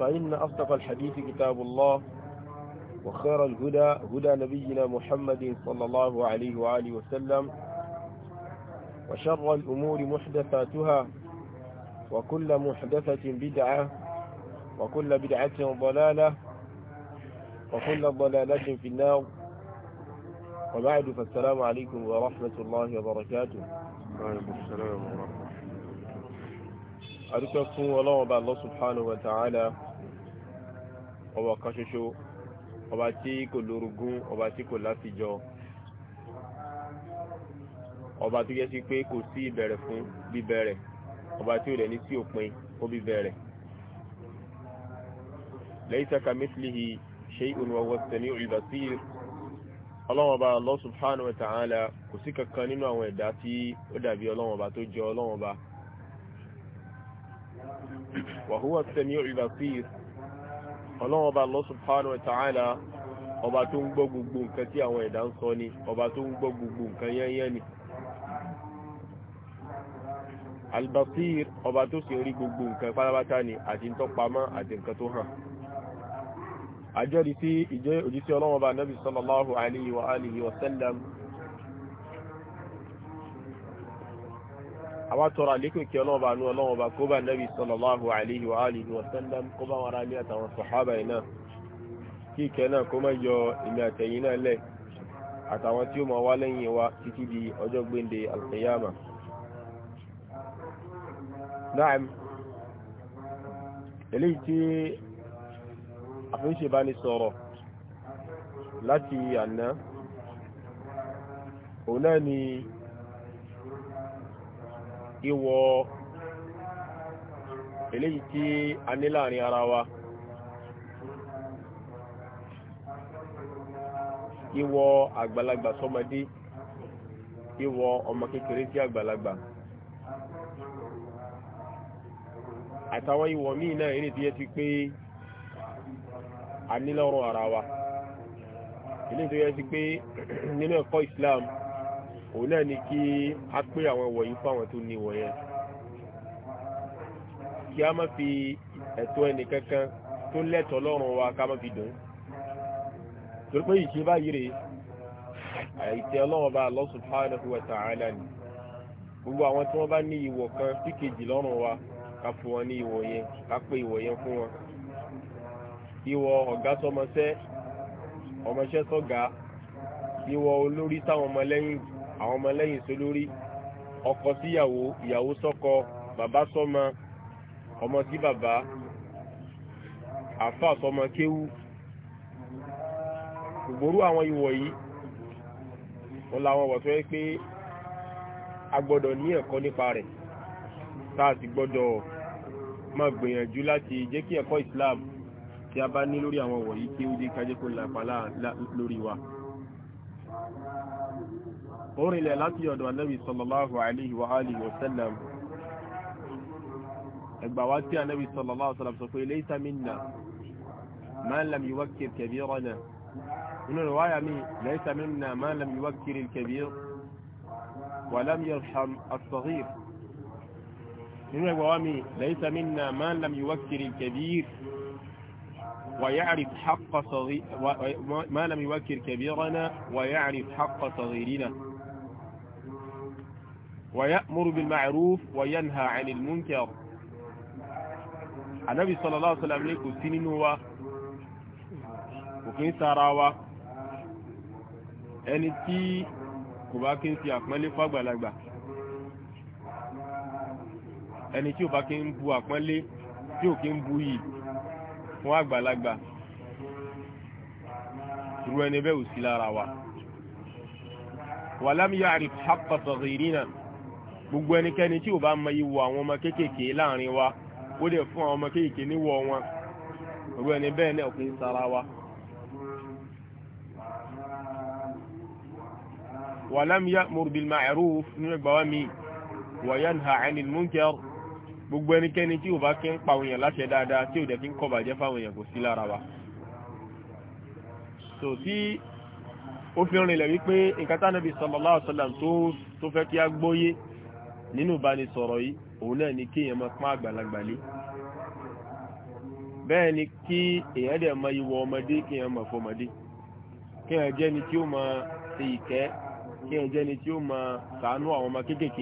فإن أصدق الحديث كتاب الله وخير الهدى هدى نبينا محمد صلى الله عليه وآله وسلم وشر الأمور محدثاتها وكل محدثة بدعة وكل بدعة ضلالة وكل ضلالة في النار وبعد فالسلام عليكم ورحمة الله وبركاته وعليكم السلام ورحمة الله adúpẹ́ fún ọlọ́run bá Allah subhanahu wa ta'ala ọba kan ṣoṣo ọba tí kò lórogún ọba tí kò láfijọ ọba tó yẹ sí pé kò sí ìbẹ̀rẹ̀ fún bíbẹ̀rẹ̀ ọba tí ò rẹ̀ sí òpin ó bíbẹ̀rẹ̀ laysa kamithlihi shay'un wa huwa as-sami'ul ọlọ́run ọba Allah subhanahu kò sí kankan nínú àwọn ẹ̀dá tí ó dàbí ọlọ́run ọba tó jọ ọlọ́run ọba wàhúwà sẹ́mi ìbàfíìs ọlọ́run ọba Allah subhanahu wa ta'ala ọba tó ń gbọ́ gbogbo nǹkan tí àwọn ẹ̀dá ń sọ ni ọba tó ń gbọ́ gbogbo nǹkan yẹ́nyẹ́ ni albasir ọba tó sì rí gbogbo nǹkan pátápátá ni àti ntọ́pamọ́ àti nǹkan tó hàn àjọ́rí sí ìjẹ́ òjísí ọlọ́run ọba nabi sallallahu alayhi wa alihi wa sallam àwa tọrọ àlékún kí ọlọ́ọ̀bà nu ọlọ́ọ̀bà kó bá nàbì sallallahu alayhi wa alihi wa sallam kó bá wàrà ní àtàwọn sàhábà yìí náà kí ìkẹ́ náà kó má yọ ìmì àtẹ̀yìn náà lẹ̀ àtàwọn tí ó máa wá lẹ́yìn wa títí di ọjọ́ gbéǹde alqiyama. naam eléyìí tí àfihàn bá ní sọ̀rọ̀ láti àná òun náà ni ìwọ̀ eléyìí tí a ní láàrin ara wa ìwọ̀ àgbàlagbà sọmọdé ìwọ̀ ọmọ kékeré sí àgbàlagbà àtàwọn ìwọ̀ míì náà eré tí yẹ ti pé a ní lọ́rùn ara wa eléyìí tó yẹ pé nínú ẹ̀kọ́ Islam òun náà ni kí a pé àwọn wọ̀nyí fáwọn tó ní wọ̀nyẹn kí a má fi ẹ̀tọ́ ẹnìkankan tó lẹ́tọ̀ọ́ lọ́rùn wa ká má fi dùn torí pé ìṣe báyìí rèé àìtẹ́ ọlọ́run bá Allah subhanahu wa ta'ala ni gbogbo àwọn tí wọ́n bá ní ìwọ̀ kan sí kejì lọ́rùn wa ká fún wọn ní ìwọ̀ yẹn ká pé ìwọ̀ yẹn fún wọn ìwọ̀ ọ̀gá sọmọṣẹ́ ọmọṣẹ́ sọ̀gá ìwọ̀ olórí sáwọn ọmọlẹ́yìn àwọn ọmọlẹ́yìn sólórí ọkọ síyàwó ìyàwó sọ́kọ bàbá sọ́mọ ọmọ sí bàbá àfà sọ́mọ kéwú ìgbòrú àwọn ìwọ̀ yìí wọ́n láwọn wọ̀ tó yẹ pé a gbọ́dọ̀ ní ẹ̀kọ́ nípa rẹ̀ tá a sì gbọ́dọ̀ máa gbìyànjú láti jẹ́ kí ẹ̀kọ́ Islam tí a bá ní lórí àwọn wọ̀nyí kí ó dé kájẹ́ kó lórí wa. قولي قرئ لاتيو دو النبي صلى الله عليه واله وسلم اباواتي النبي صلى الله عليه وسلم سوف ليس منا ما لم يوكر كبيرنا من روايه مي ليس منا ما لم يوكر الكبير ولم يرحم الصغير من روايه ليس منا ما لم يوكر الكبير ويعرف حق صغير ما لم يوكر كبيرنا ويعرف حق صغيرنا ويأمر بالمعروف وينهى عن المنكر النبي صلى الله عليه وسلم ní kò sí nínú wa kò kí ń sára wa ẹni tí kò bá kí ń fi àpọ́nlé fàgbàlagbà ẹni tí ò bá kí ń bu àpọ́nlé tí ò kí ń bu yìí fún àgbàlagbà irú ẹni bẹ́ẹ̀ ò sí lára wa wàlámiyà àrí haqqa saghirina náà gbogbo ẹnikẹ́ni tí ò bá mọ ìwọ àwọn ọmọ kéékèèké láàrin wa ó dẹ̀ fún àwọn ọmọ kéékèèké níwọ wọn gbogbo ẹni bẹ́ẹ̀ náà kì í sara wa. wàlámù ya'mur bil ma'ruf nínú ẹgbàá wa mi wa yanha 'anil munkar gbogbo ẹnikẹ́ni tí ò bá kí ń pa òyìn láṣẹ dáadáa tí ò dẹ̀ kí ń kọ́ bàjẹ́ fáwọn èèyàn kò sí lára wa ó fi rìnlẹ̀ wípé nǹkan tánàbí sallallahu alaihi tó fẹ́ kí á gbọ́yé nínú ìbánisọ̀rọ̀ yìí òun náà ni kí èèyàn máa pọ́n àgbàlagbà lé bẹ́ẹ̀ ni kí èèyàn dẹ̀ máa ìwọ ọmọdé kí èèyàn máa fọmọdé kí èèyàn jẹ́ni tí ó máa ṣe ìkẹ́ kí èèyàn jẹ́ni tí ó máa ṣàánú àwọn ọmọ kéékèèké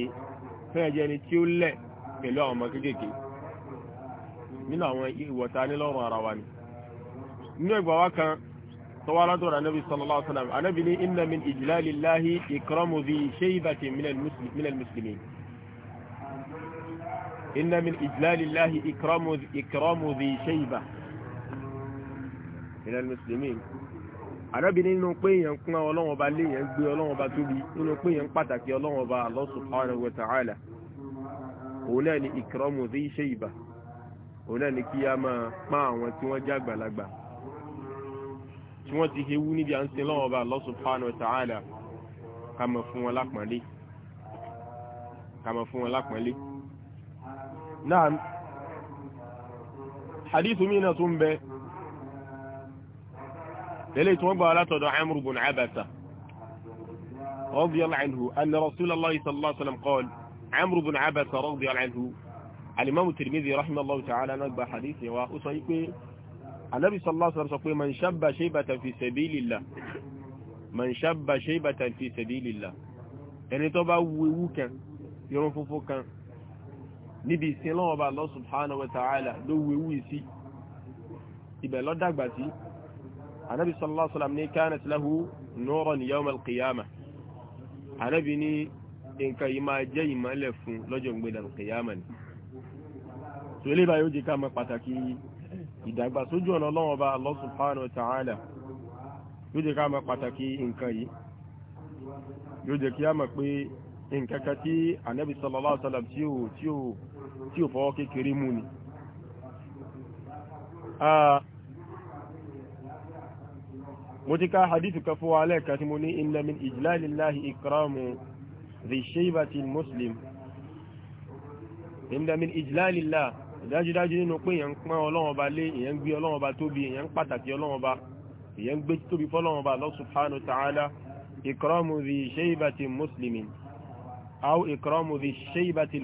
kí èèyàn jẹ́ni tí ó lẹ̀ pẹ̀lú àwọn ọmọ kéékèèké nínú àwọn ìwọ̀ta nílọ́rùn ara wa ni nínú ìgbà wa kan tọwọ́lọ́dọ̀rọ̀ anábi sallallahu alaihi wasallam anábi ní inna min ijlalillahi ikramu dhi shaybati minal muslimin inna min ijlalillahi ikramu ikramu dhi shayba ilal muslimin àrẹ́bí nínú pé èèyàn kún ọlọ́wọ́n ọba lé èèyàn gbé ọlọ́wọ́n ọba tóbi nínú pé èèyàn pàtàkì ọlọ́wọ́n ọba Allah subhanahu wa ta'ala òun náà ni ìkìrọ́mù sí iṣẹ́ ìbà òun náà ni kí a máa pa àwọn tí wọ́n já gbàlagbà tí ti hewú níbi à ń sin ọlọ́wọ́n ọba Allah subhanahu wa ta'ala ká máa fún wọn lápọ́nlé ká máa fún náà hadithu mi náà tún bẹ lẹ́lẹ́ tí wọ́n gbà látọ̀dọ̀ amru bin abasa radiyallahu anhu anna rasulallah sallallahu alaihi wasallam qala amru bin abasa radiyallahu anhu alimamu tirmidhi rahimahullahu ta'ala náà gba hadithi wa ó sọ yí pé anabi sallallahu alaihi wasallam sọ pé man shabba shaybatan fi sabilillah man shabba shaybatan fi sabilillah ẹni tó bá wu ewu kan irun funfun kan níbi ìsìn lọ́wọ́ bá Allah subhanahu wa ta'ala ló wéwú sí ibẹ̀ ló dàgbà sí anábi sallallahu alaihi wasallam ní kanat lahu nuran yawm al-qiyamah anábi ní nǹkan yìí máa jẹ́ ìmọ́lẹ̀ fún lọ́jọ́ gbẹ̀dà al-qiyamah ni tó ilé bá yóò jẹ́ ká mọ̀ pàtàkì ìdàgbàsójú ọ̀nà lọ́wọ́ bá Allah subhanahu wa ta'ala yóò jẹ́ ká tí ò fọwọ́ kékeré mú ni mo ti ká hadithu kan fún wa lẹ́ẹ̀kan tí mo ní inna min ijlalillahi ikramu dhi shaybati muslim inna min ijlalillah dájúdájú nínú pé èyàn ń pọ́n ọlọ́wọ́n ba lé èyàn ń gbé ọlọ́wọ́n ba tóbi èyàn pàtàkì ọlọ́wọ́n ba èyàn gbé tóbi fọ́lọ́wọ́n ba Allah subhanahu wa ta'ala ikramu shaybati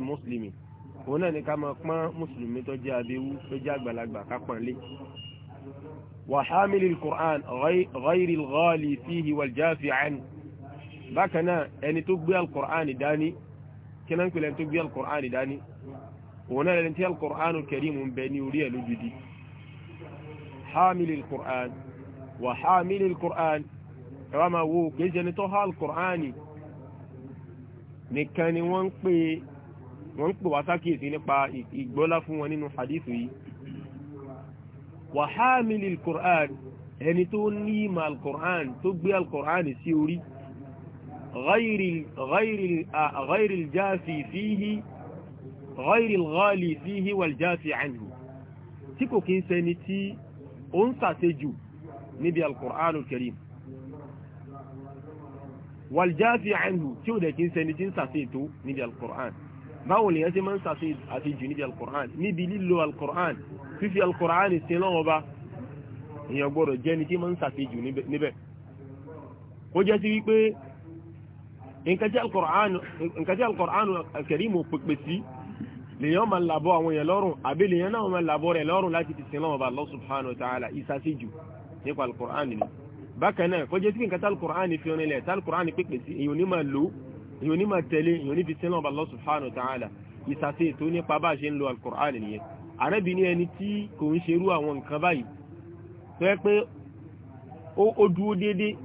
muslimin òun náà ni ká máa pọ́n mùsùlùmí tó jẹ́ abẹ́wú tó jẹ́ àgbàlagbà ká pọ́n lé wàhámìlì kùrán ọ̀rẹ́rì rọ́ọ̀lì fíhì wàljáfì àánì bákan náà ẹni tó gbé alkùrán dání kí náà ń pèlè tó gbé alkùrán dání òun náà lẹni tí alkùrán kẹrí mú bẹ ní orí ẹ̀ lójúdi hámìlì kùrán wàhámìlì kùrán ẹwà máa wo kìí jẹni tó há alkùrán nìkan ni wọ́n pè é wọ́n ń pè wá sákìyèsí nípa ìgbọ́lá fún wọn nínú hadithu yìí wa hamilil Qur'an ẹni tó ní ìmọ̀ al-Qur'an tó gbé al-Qur'an sí orí ghayril jáfi fíhí ghayril ghali fíhí wal jáfi anhu tí kò kí ń sẹni tí ó ń sàtẹ́jù níbi al-Qur'an al-Karim wal jáfi tí ó dẹ̀ kí ń sẹni tí ń sàtẹ́ tó níbi al-Qur'an báwo ni ẹsẹ̀ máa ń sàfihàn àti jù níbi alukur'an níbi lílo alukur'an fífi alukur'an sí lọ́wọ́ bá èèyàn gbọ́dọ̀ jẹ́ ni tí máa ń sàfihàn jù níbẹ̀ ó jẹ́ sí wípé nǹkan tí alukur'an kẹrìmù pèpè sí lèyàn máa labọ́ àwọn èèyàn lọ́rùn àbí lèyàn náà máa labọ́ rẹ̀ lọ́rùn láti fi sin lọ́wọ́ bá Allah subhanahu wa ta'ala ìsàfihàn nípa alukur'an ni bákan náà kó jẹ́ sí nǹkan tí alukur'an fi rinlẹ̀ tí alukur'an pèpè sí èèyàn ní máa lò ó èyàn ní máa tẹ̀lé èyàn ní fi sin náà Allah subhanahu wa ta'ala ìsàtì ètò nípa bá a ṣe ń lo alukur'an nìyẹn àrẹ́bí ní ẹni tí kò ń ṣerú àwọn nǹkan báyìí tó yẹ pé ó dúró déédéé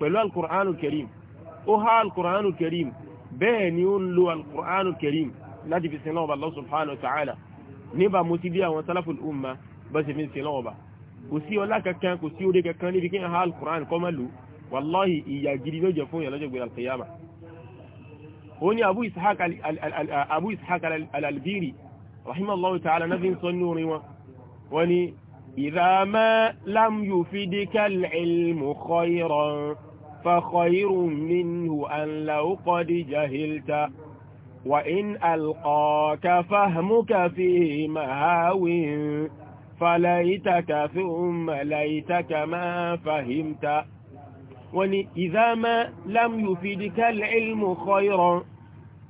pẹ̀lú alukur'an karim ó há alukur'an karim bẹ́ẹ̀ ni ó ń lo alukur'an karim láti fi sin náà Allah subhanahu wa ta'ala níbà mo ti bí àwọn salaful umma bá ṣe fi sin náà kò sí ọlá kankan kò sí orí kankan níbi kí n há alukur'an kọ́ mọ́ lò wàláhì ìyà ló jẹ fún yàrá lọ́jọ́ gbé alkiyama ó ní abu ishaq abu ishaq al-albiri rahimallahu ta'ala náà fi ń sọ ní orin wọn wọ́n ni idha ma lam yufidika al-ilmu khayran fa khayrun minhu an law qad jahilta wa in alqaka fahmuka fi mahawin فليتك ثم ليتك ما فهمت وني إذا ما لم يفيدك العلم خيرا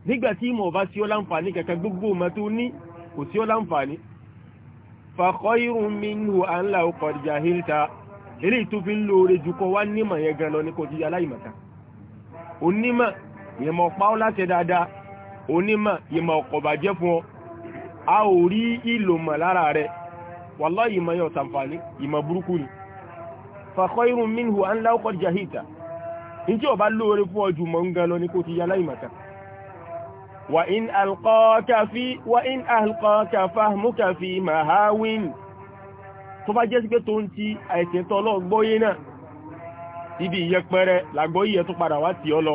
nígbàtí ìmọ̀ bá sí ọ láǹfààní kẹ̀kẹ́ gbogbo ọmọ tó ní kò sí ọ láǹfààní fàkọ́ irun mi nù à ń la ọkọ̀ ìjà hílta eléyìí tó fi ń lo oore jù kọ wá nímọ̀ yẹn gan lọ ní kò jíjà láìmọ̀ta onímọ̀ ìmọ̀ pa láti dáadáa onímọ̀ ìmọ̀ ọ̀kọ̀ bàjẹ́ fún ọ a ò rí ìlò mọ̀ lára rẹ wàlá ìmọ̀ yẹn ọ̀sàǹfààní ìmọ̀ burúkú ni fàkọ́ irun mi nù à ọkọ̀ ìjà hílta ní tí ọba lóore fún ọ jù ń gan lọ ní kò jíjà láìmọ̀ta وإن ألقاك في وإن ألقاك فهمك في مهاوين tó bá jẹ́ sí pé tó ń ti àìsìntọ́ ọlọ́gbọ́yé náà ibi ìyẹpẹrẹ làgbọ́yé tó padà wá tí ọ lọ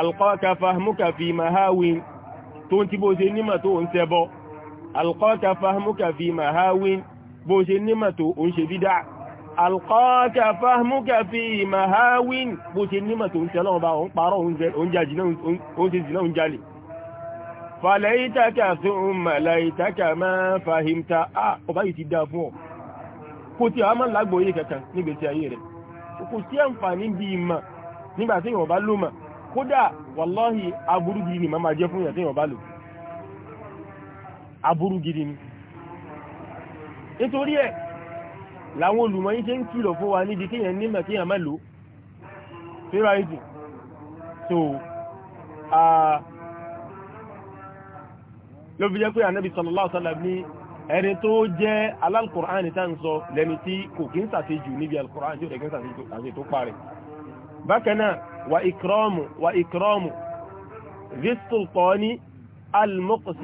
alqaka fahmuka fi mahawin tó ń ti bó ṣe nímọ̀ tó ń ṣẹbọ alqaka fahmuka fi mahawin bó ṣe nímọ̀ tó ń ṣe bídá alqaka fahmuka fi mahawin bó ṣe nímọ̀ tó ń ṣẹlọ́wọ́ bá òun parọ́ òun jẹ́ jìnà òun jalè fàlẹ́yìntàkà tó ń màláyìntàkà máa fàhímta à ọba yìí ti dá fún ọ kò tí a máa lágbòóyè kankan nígbèsí ayé rẹ̀ kò sí àǹfààní bí i mà nígbà tí yọ̀ọ̀bá ló mà kódà wàláhì aburú gidi ni màmá jẹ́ fún yàtí yọ̀ọ̀bá lò aburú gidi ni nítorí ẹ̀ làwọn olùmọ̀ yìí ṣe ń kìlọ̀ fún wa níbi kéèyàn nímọ̀ kéèyàn má lò ó so uh, ló fi jẹ́ pé ànábì sallallahu alaihi wasallam ní ẹni tó jẹ́ alálùkùránì tá ń sọ lẹ́ni tí kò kí ń sàṣejù níbi alùkùránì tí ó kí ń sàṣejù tó parí bákan náà wa ikramu wa ikramu ذِسْتُلْطَانِ الْمُقْسِطِ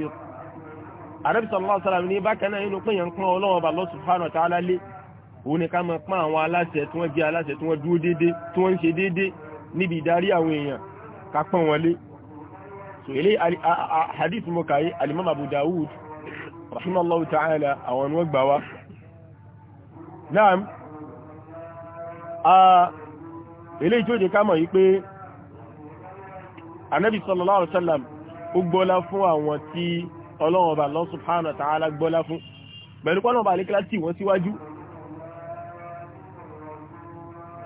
Ànábì sallallahu alaihi wasallam ní bákan náà inú pínyàn pán òun ni ká máa pán àwọn aláṣẹ tí wọ́n jẹ́ aláṣẹ tí wọ́n dúró dédé, tí wọ́n ń ṣe dédé níbi ìdarí àwọn èèyàn, ká pán wọn so ilé hadith mo kàyí alimam abu dawud rahimallahu ta'ala àwọn wọ́n gbà wá náà a ilé tí ó jẹ kámọ̀ yí pé anábi sallallahu alaihi wasallam ó gbọ́lá fún àwọn tí ọlọ́run ọba Allah subhanahu wa ta'ala gbọ́lá fún pẹ̀lú pọ́nà ọba alékílá tí wọ́n síwájú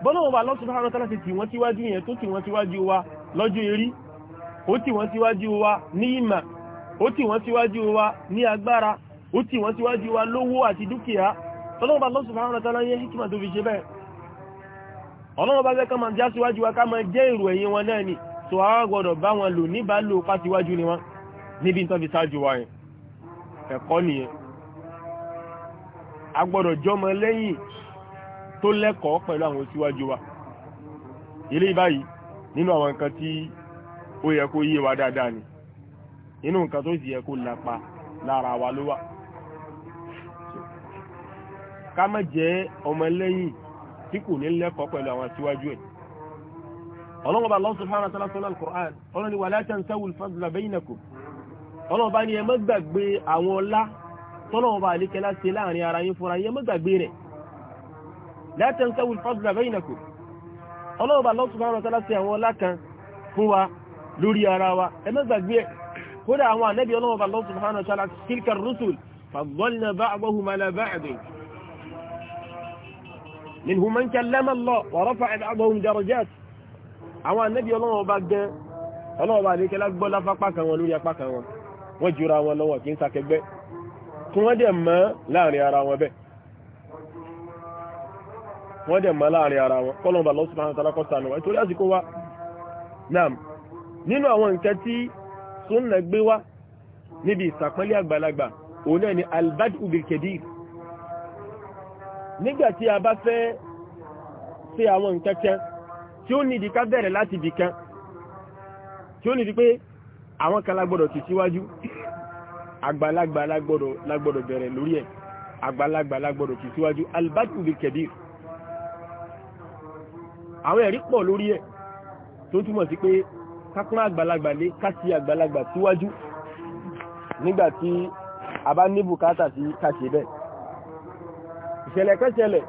bọ́nà ọba Allah subhanahu wa ta'ala ti tì wọ́n síwájú yẹn tó tì wọ́n síwájú wa lọ́jọ́ erí ó tì wọ́n síwájú wa ní ìmà ó tì wọ́n síwájú wa ní agbára ó tì wọ́n síwájú wa lówó àti dúkìá ọlọ́ọ̀bá Allah yẹ́ a gbọ́dọ̀ bá wọn lò ni wọ́n níbi fi sáájú wa yẹn ẹ̀kọ́ nìyẹn a gbọ́dọ̀ jọmọ lẹ́yìn àwọn wa nínú àwọn nǹkan tí ó yẹ kó yé wa dáadáa ni inú nǹkan tó sì yẹ kó lapa lára wa ló wà ká má jẹ́ ọmọlẹ́yìn tí kò ní lẹ́kọ̀ọ́ pẹ̀lú àwọn síwájú ẹ̀ ọlọ́run bá lọ́sùn fún àwọn sọ́lá al-Qur'an ọlọ́run ni wala tansawu al-fadla bainakum ọlọ́run bá ní ẹ má gbàgbé àwọn ọlá tọ́lọ́run bá àlékẹ́ láti láàrin ara yín fúnra yín ẹ má gbàgbé rẹ̀ la tansawu al-fadla bainakum ọlọ́run bá lọ́sùn fún àwọn sọ́lá sí àwọn ọlá kan fún wa lórí ara wa ẹ má gbàgbé ẹ̀ kódà àwọn ànábì ọlọ́wọ́ bá lọ́sùn hàn ṣára tilka rusul fagbọ́nà bá àbọ̀hù mala bá àbẹ̀ minhu man kallama Allah wa rafa'a ba'dahum darajat àwọn ànábì ọlọ́wọ́ bá gẹ́ ọlọ́wọ́ bá lè kẹ́lá gbọ́ láfápá kan wọn lórí apá kan wọn wọ́n jura wọn lọ́wọ́ kí ń sakẹgbẹ́ tí wọ́n dẹ̀ mọ́ láàrin ara wọn bẹ́ẹ̀ wọ́n dẹ̀ mọ́ láàrin ara wọn àsìkò wa naam nínú àwọn nǹkan tí súnnà gbé wá níbi ìsàpẹ́lé àgbàlagbà òun náà ni albadu bilkedir nígbàtí a bá fẹ́ ṣe àwọn nǹkan kan tí ó nìdí ká bẹ̀rẹ̀ láti ibì kan tí ó nìdí pé àwọn kan lágbọ́dọ̀ ti síwájú àgbàlagbà lágbọ́dọ̀ bẹ̀rẹ̀ lórí ẹ̀ àgbàlagbà lágbọ́dọ̀ ti síwájú albadu bilkedir àwọn ẹ̀rí pọ̀ lórí ẹ̀ tó túmọ̀ sí pé kápá àgbàlagbà lé kásí àgbàlagbà síwájú nígbà tí a bá ní bùkátà sí kàṣẹ bẹ́ẹ̀ ìṣẹ̀lẹ̀ kẹ́ṣẹlẹ̀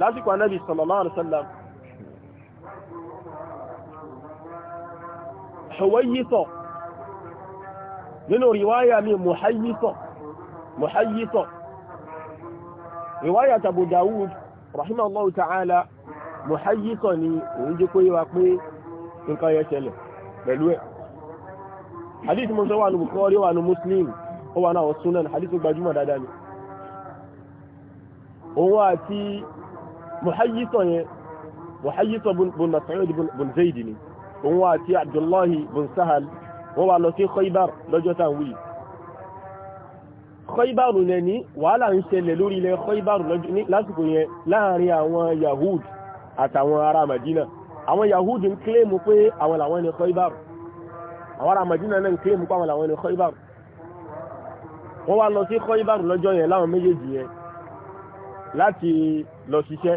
lásìkò anábì sallallahu alaihi wasallam ṣọwọ́yítọ̀ nínú ríwáyà mi mọ̀háyítọ̀ mọ̀háyítọ̀ ta'ala mọ̀háyítọ̀ ni òun jẹ́ kó yíwa pé nǹkan yẹ ṣẹlẹ̀ pẹ̀lú ẹ̀ hadith mo sọ wà ní Bukhari wà ní Muslim ó wà náà sunan hadith gbajúmọ̀ dáadáa ni òun àti muhayyitọ̀ yẹn muhayyitọ̀ bun Mas'ud bun Zayd ni òun àti Abdullahi bun Sahal wọ́n wà lọ sí Khaybar lọ́jọ́ tá à ń wí Khaybaru nẹ ní wàhálà ń ṣẹlẹ̀ lórí ilẹ̀ Khaybaru lásìkò yẹn láàrin àwọn Yahud àtàwọn ará Madina àwọn Yahudi ń kílèmù pé àwọn làwọn ní Khaybar àwọn ará Madina náà ń kílèmù pé àwọn làwọn ní Khaybar wọ́n wá lọ sí Khaybar lọ́jọ́ yẹn láwọn méjèèjì yẹn láti lọ ṣiṣẹ́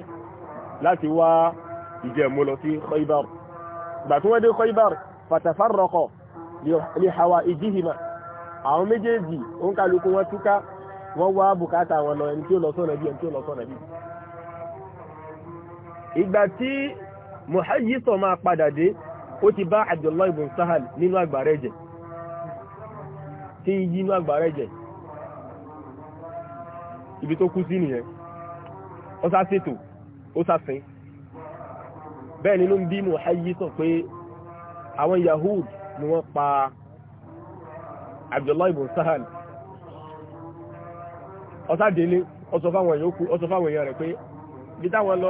láti wá ìjẹ̀mú lọ sí Khaybar gbà tí wọ́n dé Khaybar fatafarraqa li hawaijihima àwọn méjèèjì ó ń kálukú wọn túká wọ́n wá bùkátà wọn lọ ẹni tí ó lọ sọ́nà bí ẹni tí ó lọ sọ́nà bí ìgbà tí mọ̀háyísọ̀ máa padà dé ó ti bá Abdullahi ibn Sahal nínú àgbàrá tí yí ibi tó kú sí nìyẹn ó sá ó sá bẹ́ẹ̀ nínú bí pé àwọn Yahud ni wọ́n pa Abdullahi ibn Sahal ọ sá délé ó sọ fáwọn èèyàn rẹ̀ pé bí táwọn lọ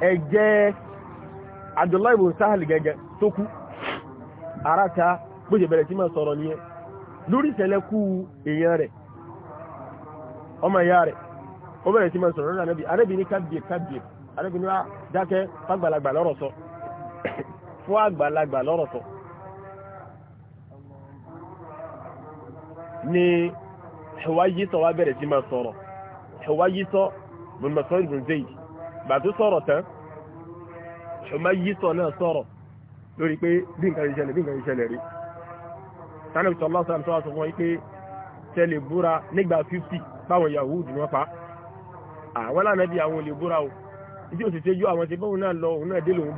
ẹ̀jẹ́ Abdullahi ibn Sahal gẹ́gẹ́ tó kú ara ta bó bẹ̀rẹ̀ sí máa sọ̀rọ̀ nìyẹn lórí ìṣẹ̀lẹ̀ èèyàn rẹ̀ ọmọ ìyá rẹ̀ ó bẹ̀rẹ̀ sí máa sọ̀rọ̀ ní kábíyè kábíyè anábì ah, ni bàtú sọ̀rọ̀ tán ṣùgbọ́n yí sọ náà sọ̀rọ̀ lórí pé bí nǹkan ìṣẹ̀lẹ̀ bí nǹkan ìṣẹ̀lẹ̀ rí sani sọ lọ́sọ̀ àti sọ́wọ́ sọ fún wọn pé tẹ́lẹ̀ búra nígbà fífì báwọn Yahudi ni wọ́n pa àwọn lánàbí àwọn olè búra o ìdí òsì tí yóò àwọn ti bóun náà lọ òun náà dé lòun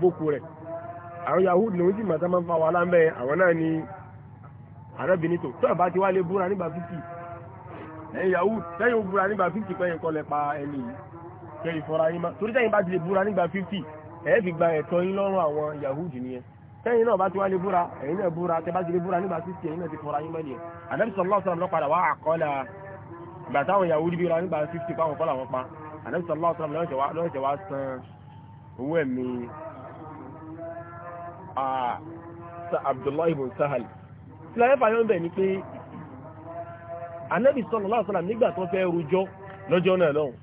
tó tó ti wá lè búra nígbà fífì ẹ̀yìn Yahudi búra nígbà fífì pẹ́yìn kọ́lẹ̀ pa ẹni yìí kẹrì fọ́ra yín má torí tẹ́yìn bá ti lè búra nígbà 50 ẹ̀ fi gba ẹ̀tọ́ yín lọ́rùn àwọn yahudi nìyẹn tẹ́yìn náà bá ti wá lè búra ẹ̀yin náà búra tẹ́ bá ti lè búra nígbà 50 ẹ̀yin náà ti fọ́ra yín mọ́ nìyẹn ànábì sallallahu alaihi wasallam ló padà wá àkọ́lá ìgbà táwọn yahudi bí ra nígbà 50 páwọn fọ́lá wọn pa ànábì sallallahu alaihi wasallam lọ́ọ̀ṣẹ̀ wá san owó ẹ̀mí abdullahi ibn sahal tí láyé fàyọ́ ń bẹ̀ ni pé ànábì sallallahu alaihi wasallam nígbà tó fẹ́ rojọ́ lọ́jọ́ náà lọ́hùn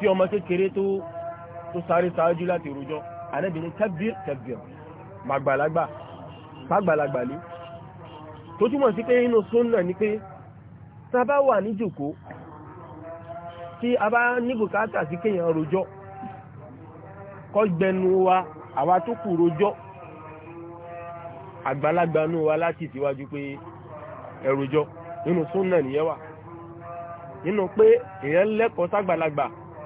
tí ọmọ kékeré tó tó sáré sáájú láti rojọ́ Ànábì ní kabir kabir màgbàlagbà fàgbàlagbà lé tó túmọ̀ sí pé inú sunna ni pé tá a bá wà ní jòkó tí a bá ní bùkátà sí kéèyàn rojọ́ kó gbẹnu wa àwa tó kù rojọ́ àgbàlagbà nù wa láti síwájú pé ẹ rojọ́ nínú sunna nìyẹn pé èèyàn lẹ́kọ̀ọ́ sàgbàlagbà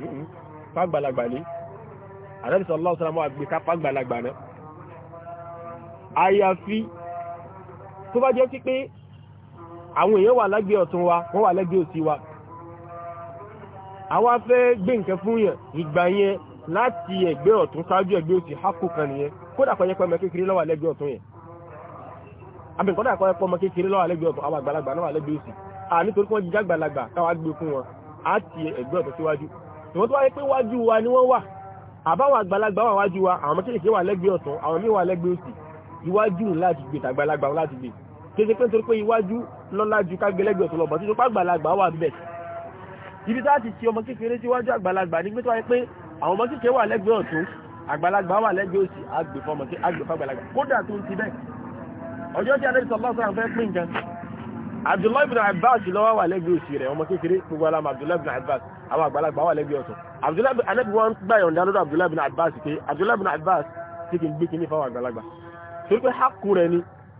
Hmm. fàgbàlagbà ní àrẹ́bìsọ̀ aláwọ̀sánàmọ́ àgbẹ̀ká fàgbàlagbà náà àyàfi tó bá jẹ́ sí pé àwọn èèyàn wà lágbẹ́ ọ̀tún wa wọ́n wà lẹ́gbẹ́ òsì wa àwa fẹ́ gbé nǹkan fún yẹn ìgbà yẹn láti ẹ̀gbẹ́ ọ̀tún sáájú ẹ̀gbẹ́ òsì hákù kan nìyẹn kódà kọ́ yẹ pé ọmọ kékeré ló wà lẹ́gbẹ́ ọ̀tún yẹn àbí kódà kọ́ yẹ pé ọmọ kékeré ló wà lẹ́gbẹ́ ọ̀tún àwọn àgbàlagbà náà wà lẹ́gbẹ́ òsì à nítorí wọ́n jíjá àgbàlagbà káwá gbé fún wọn á ti ẹ̀gbẹ́ ọ̀tún síwájú ìwọ́n tó wáyé pé wájú wa ni wọ́n wà àbáwọn àgbàlagbà wà wájú wa àwọn kéèkéé wà lẹ́gbẹ̀ẹ́ ọ̀tún àwọn míì wà lẹ́gbẹ̀ẹ́ òsì iwájú láti gbé tàgbàlagbà láti gbé kéèké pé nítorí pé iwájú lọ́lá ju kágbé lẹ́gbẹ̀ẹ́ ọ̀tún lọ bọ̀ títí pé àgbàlagbà wà bẹ̀ ibi tá ti ti ọmọ kékeré síwájú àgbàlagbà ni pé tó wáyé pé àwọn ọmọ kékeré wà lẹ́gbẹ̀ẹ́ ọ̀tún àgbàlagbà wà lẹ́gbẹ̀ẹ́ òsì agbèfọ́mọ sí agbèfọ́gbàlagbà kódà tó ń ti bẹ́ẹ̀ ọjọ́ tí adébísọ̀ lọ́sọ̀rọ̀ fẹ́ pín nǹkan Abdullahi bin Abbas lọ́wọ́ wà lẹ́gbẹ̀ẹ́ òsì rẹ̀ ọmọ kékeré gbogbo alam Abdullahi bin Abbas àwọn àgbàlagbà wà lẹ́gbẹ̀ẹ́ ọ̀tọ̀ anabi wọn gbà yọ̀ǹda lọ́dọ̀ abdullahi bin abbas pé abdullahi bin abbas ti kì í gbé kínní fáwọn àgbàlagbà torí pé hákù rẹ ni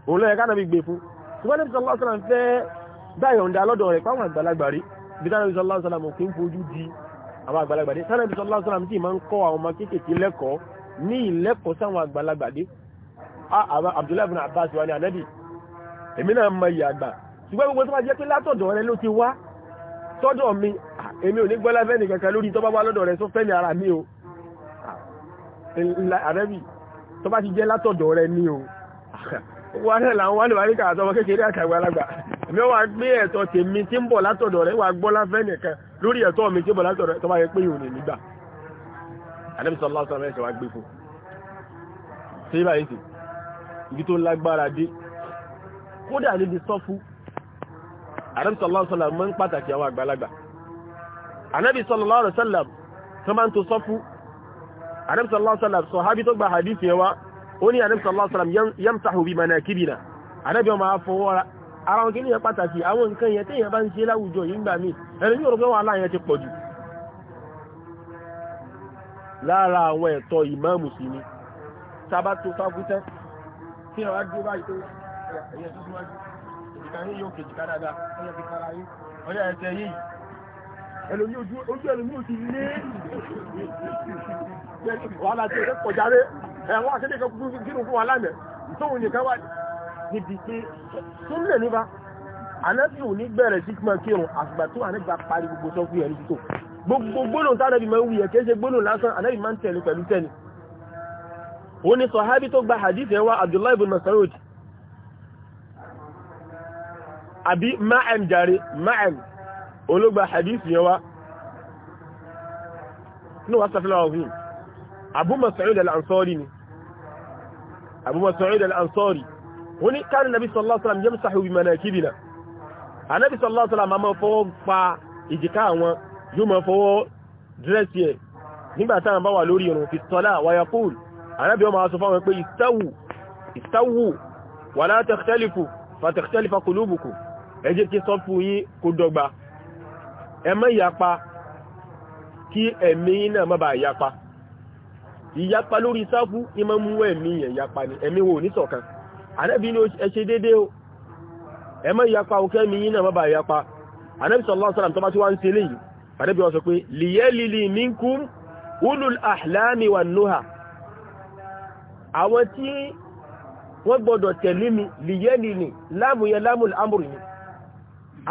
òun lọ́yẹ̀ kánábi gbé fún ṣùgbọ́n anabi sallallahu alaihi wasallam fẹ́ gbà yọ̀ǹda lọ́dọ̀ rẹ̀ fáwọn àgbàlagbà rí bí anabi sallallahu alaihi wasallam kì í fojú di àwọn àgbàlagbà dé anabi sallallahu alaihi wasallam tí máa ń kọ́ àwọn ọmọ kéékèèké lẹ́kọ̀ọ́ ní ìlẹ́kọ̀ọ́ sáwọn àgbàlagbà dé abdullahi bin abbas wà ní anabi èmi náà mọ ìyà àgbà ṣùgbọ́n gbogbo tó bá jẹ́ pé látọ̀dọ̀ rẹ ló ti èmi ò ní gbọ́lá fẹ́ nìkankan lórí tó bá wá lọ́dọ̀ rẹ̀ sọ fẹ́ mi ara mi o àrẹ́bì tó bá ti jẹ́ látọ̀dọ̀ rẹ̀ ni o wà rẹ̀ làwọn wà lè wà ríkà àtọmọ kékeré àtàgbà alágbà mi wà gbé ẹ̀tọ́ tèmi tí ń bọ̀ látọ̀dọ̀ rẹ̀ wà gbọ́lá fẹ́ nìkan lórí ẹ̀tọ́ mi tí ń bọ̀ látọ̀dọ̀ rẹ̀ tó bá yẹ pé ìhùn nígbà àrẹ́bì sọ lásán mẹ́sẹ̀ wá gbé fún ṣé báyìí sì ibi tó lágbára dé kódà níbi sọ́fú àrẹ́bì sọ lásán mọ́ ń pàtàkì àwọn àgbàlagbà anábì sallallahu alaihi wasallam tó máa ń tó sọ́fú anábì sallallahu alaihi wasallam sọ̀hábí tó gba hadith yẹn wá ó ní anábì sallallahu alaihi wasallam yamsahu bi manakibina anábì ọmọ afọwọ́ra ara wọn kí ní yẹn pàtàkì àwọn nǹkan yẹn téèyàn bá ń ṣe láwùjọ yìí gbà mí ẹni ní òrùn pé wàhálà yẹn ti pọ̀ jù lára àwọn ẹ̀tọ́ ìmáàmù sí ni sábà tó sáfútẹ́ tí ọ̀rá dúró báyìí tó ẹ̀yẹ tó síwájú ìkàyé yóò kejì kádáadáa ọjọ́ ti kára yìí ọjọ́ ẹ̀tẹ̀ yìí ẹlòmí ojú ẹlòmí ojú lé wàhálà tí ó kọjá rẹ ẹ̀wọ́n àti ẹ̀kọ́ gínú fún wa lánàá ìtòhun nìkan wà níbi pé tó ń lè nípa anẹ́sì ò ní bẹ̀rẹ̀ sí máa kírun àgbà tó anẹ́gbà parí gbogbo sọ fún yẹn níbi tó gbogbo gbólóhùn tánàbí máa ń wuyẹ kìí ṣe gbólóhùn lásán anẹ́bí máa ń tẹ̀lé pẹ̀lú tẹ̀lé ó ní sọ̀hábí tó gba hadith ẹwà Abdullahi ibn Mas'ud àbí ma'am jare ma'am ológba hadith yẹn wá ní wá sàfihàn ọ̀hún Abu Mas'ud al-Ansari ni Abu Mas'ud al-Ansari wọ́n ní káàrin nàbí sallallahu alaihi wasallam yamsahu bi manakibina anábí sallallahu alaihi wasallam a máa fọwọ́ pa ìjìká àwọn yóò máa fọwọ́ dírẹ́sì ẹ̀ nígbà táwọn bá wà lórí irun fi sọ́lá wa yaqul anábí ọmọ aṣọ ẹ má yapa kí ẹ̀mí náà má bàa yapa ìyapa lórí sáfú ní má mú ẹ̀mí yẹn yapa ni ẹ̀mí wo ní ṣọ̀kan ànábì ní ẹ ṣe déédéé o ẹ má yapa o kẹ́mi yín náà má bàa yapa ànábì sallallahu alaihi wasallam tó bá ti wá ń ṣe léyìí àwọn tí wọ́n gbọ́dọ̀ tẹ̀lé mi liyalili láàmù yẹn láàmù amúrù ni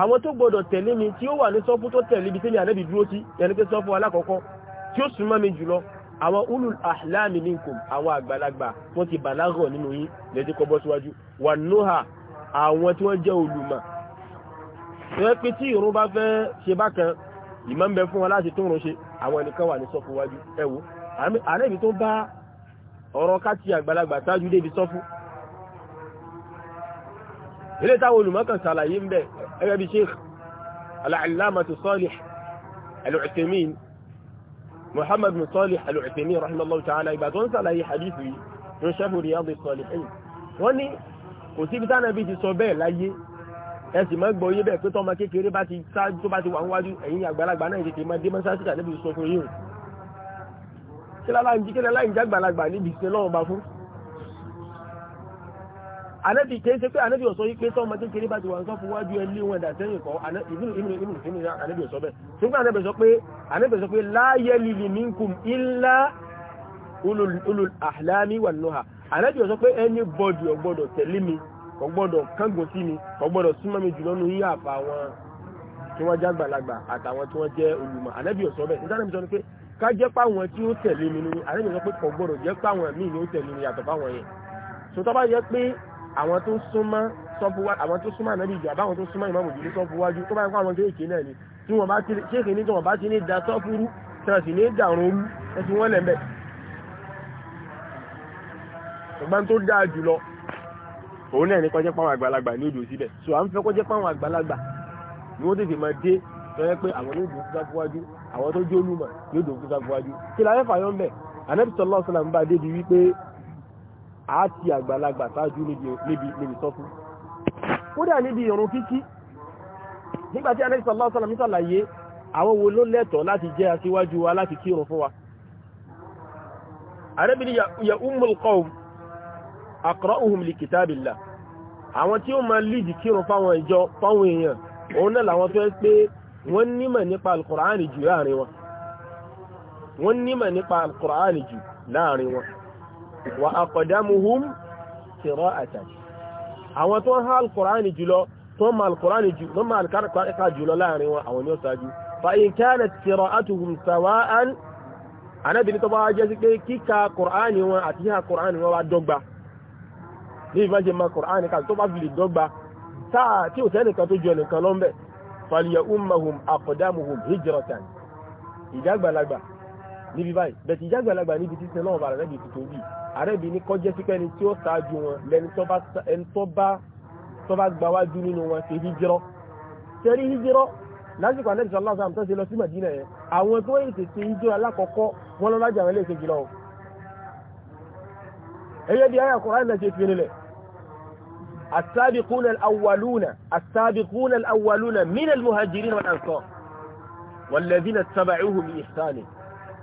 àwọn tó gbọdọ̀ tẹ̀lé mi tí ó wà ní sọ́fún tó tẹ̀lé ibi tí mi ànábì dúró sí yẹn pé sọ́fún alákọ̀ọ́kọ́ tí ó súnmọ́ mi jùlọ àwọn ulul ahlami minkum àwọn àgbàlagbà wọ́n ti bàlágọ̀ nínú yín lẹ́tí kọ́ bọ́ síwájú wà nóhà àwọn tí wọ́n jẹ́ olùmọ̀ ẹ pé tí ìrún bá fẹ́ ṣe bákan ìmọ̀ ń bẹ fún wọn láti tún rún àwọn ẹnìkan wà ní sọ́fún wájú ẹ wo tó bá ọ̀rọ̀ ká ti àgbàlagbà tájú débi sọ́fún ilé táwọn olùmọ́kàn sàlàyé ń bẹ̀ ẹgbẹ́ bí sheikh al-allamatu salih al-uthaymin muhammad bin salih al-uthaymin rahimahullah ta'ala ìgbà tó ń sàlàyé hadith yìí tó ṣẹ́fù riyadu salihin wọ́n ní kò sí ibi tánàbí ti sọ bẹ́ẹ̀ láyé ẹ sì mọ́ gbọ́ yé bẹ́ẹ̀ pé tọ́mọ kékeré bá ti sáájú tó bá ti wà ń wájú ẹ̀yìn àgbàlagbà ànábì kìí ṣe pé ànábì ọ̀sọ́ yìí pé tọ́mọ kékeré bá ti wà ń sọ fún wájú ẹlé wọn ẹ̀dà sẹ́yìn kọ́ ìbínú ìbínú ìbínú ìbínú ànábì ọ̀sọ́ bẹ́ẹ̀ ṣùgbọ́n ànábì sọ pé ànábì sọ pé láyé lili minkum illa ulul ahlami wà nùhà ànábì ọ̀sọ́ pé ẹni bọ́dì ò gbọ́dọ̀ tẹ̀lé mi kò gbọ́dọ̀ kángun sí mi kò gbọ́dọ̀ súnmọ́ mi jùlọ nù yíyá àfa wọn tí wọ́n já gbàlagbà àtàwọn tí wọ́n jẹ́ olùmọ̀ ànábì ọ̀sọ́ bẹ́ẹ̀ nígbà náà mi sọ ni pé ká jẹ́ páwọn tí ó tẹ̀lé mi ni ànábì sọ pé kò gbọ́dọ̀ jẹ́ páwọn míì ni ó tẹ̀lé mi yàtọ̀ fáwọn yẹn sọtọ́ bá yẹ pé àwọn tó súnmọ́ sọ́fúwá àwọn tó súnmọ́ ànábì ìjọ àbáwọn tó súnmọ́ ìmọ̀mù ìdílé sọ́fúwájú tó bá ń kọ́ àwọn kéèké náà ni tí wọ́n bá ti ṣéèkì ní tí wọ́n bá ti ní da sọ́fúrú tẹ̀rẹ̀ sì ní dàrún orú ẹ̀sìn wọ́n lẹ̀ mẹ́. ṣùgbọ́n tó dáa jùlọ òun náà ní kọjá páwọn àgbàlagbà ní odò síbẹ̀ so à ń fẹ́ kọjá páwọn àgbàlagbà ni wọ́n tètè máa dé tọ́yẹ́ pé àwọn ní odò kúta fúwájú àwọn tó jólúmọ̀ ní odò kúta fúwájú kí la fẹ́ fàyọ́ ń bẹ̀ ànábì sallallahu alaihi wasallam ń bá débi wípé àti àgbàlagbà sáájú níbi sọ́fú kódà níbi ìrun kíkí nígbàtí Ànábì sallallahu alaihi wasallam ṣàlàyé àwọn wo ló lẹ́tọ̀ọ́ láti jẹ́ aṣíwájú wa láti kírun fún wa Ànábì ní ya ummul qawm aqra'uhum àwọn tí ó máa lídì kírun fáwọn ìjọ fáwọn èèyàn wa aqdamuhum qira'atan àwọn tó há alkùránì jùlọ tó ma alkùránì jùlọ láàrin wọn àwọn ni ó sáájú fa in kanat qira'atuhum sawa'an anábìnrin tó bá jẹ́ sí pé kíka kùránì wọn àti há kùránì wọn wá dọ́gba ní ìbájẹ́ ma kùránì ká tó bá fi lè dọ́gba táà tí ò sẹ́nìkan tó jọ nìkan lọ́mbẹ̀ fal ya'ummahum aqdamuhum hijratan ìdàgbàlagbà níbi báyìí bẹ̀tì ìjágbàlagbà níbi títí náà bàrà rẹ̀bi tuntun bíi àrẹ́bi ní kọjẹ́ sí pẹ́ni tí ó ṣáájú wọn lẹni tó bá gbawájú nínú wọn ṣe híjírọ́ ṣẹ́rí híjírọ́ lásìkò àlẹ́ ìṣọ́lá sáà tó ṣe lọ sí Mẹ̀dínà yẹn àwọn tó ètè ṣe híjírọ́ alákọ̀ọ́kọ́ wọn lọ lájà wọn lè ṣe jùlọ o ẹyẹ bí ayà kọ̀ọ̀rọ̀ àìlẹ̀ ṣe fi nílẹ̀ السابقون الأولون السابقون الأولون من المهاجرين والأنصار والذين اتبعوهم بإحسان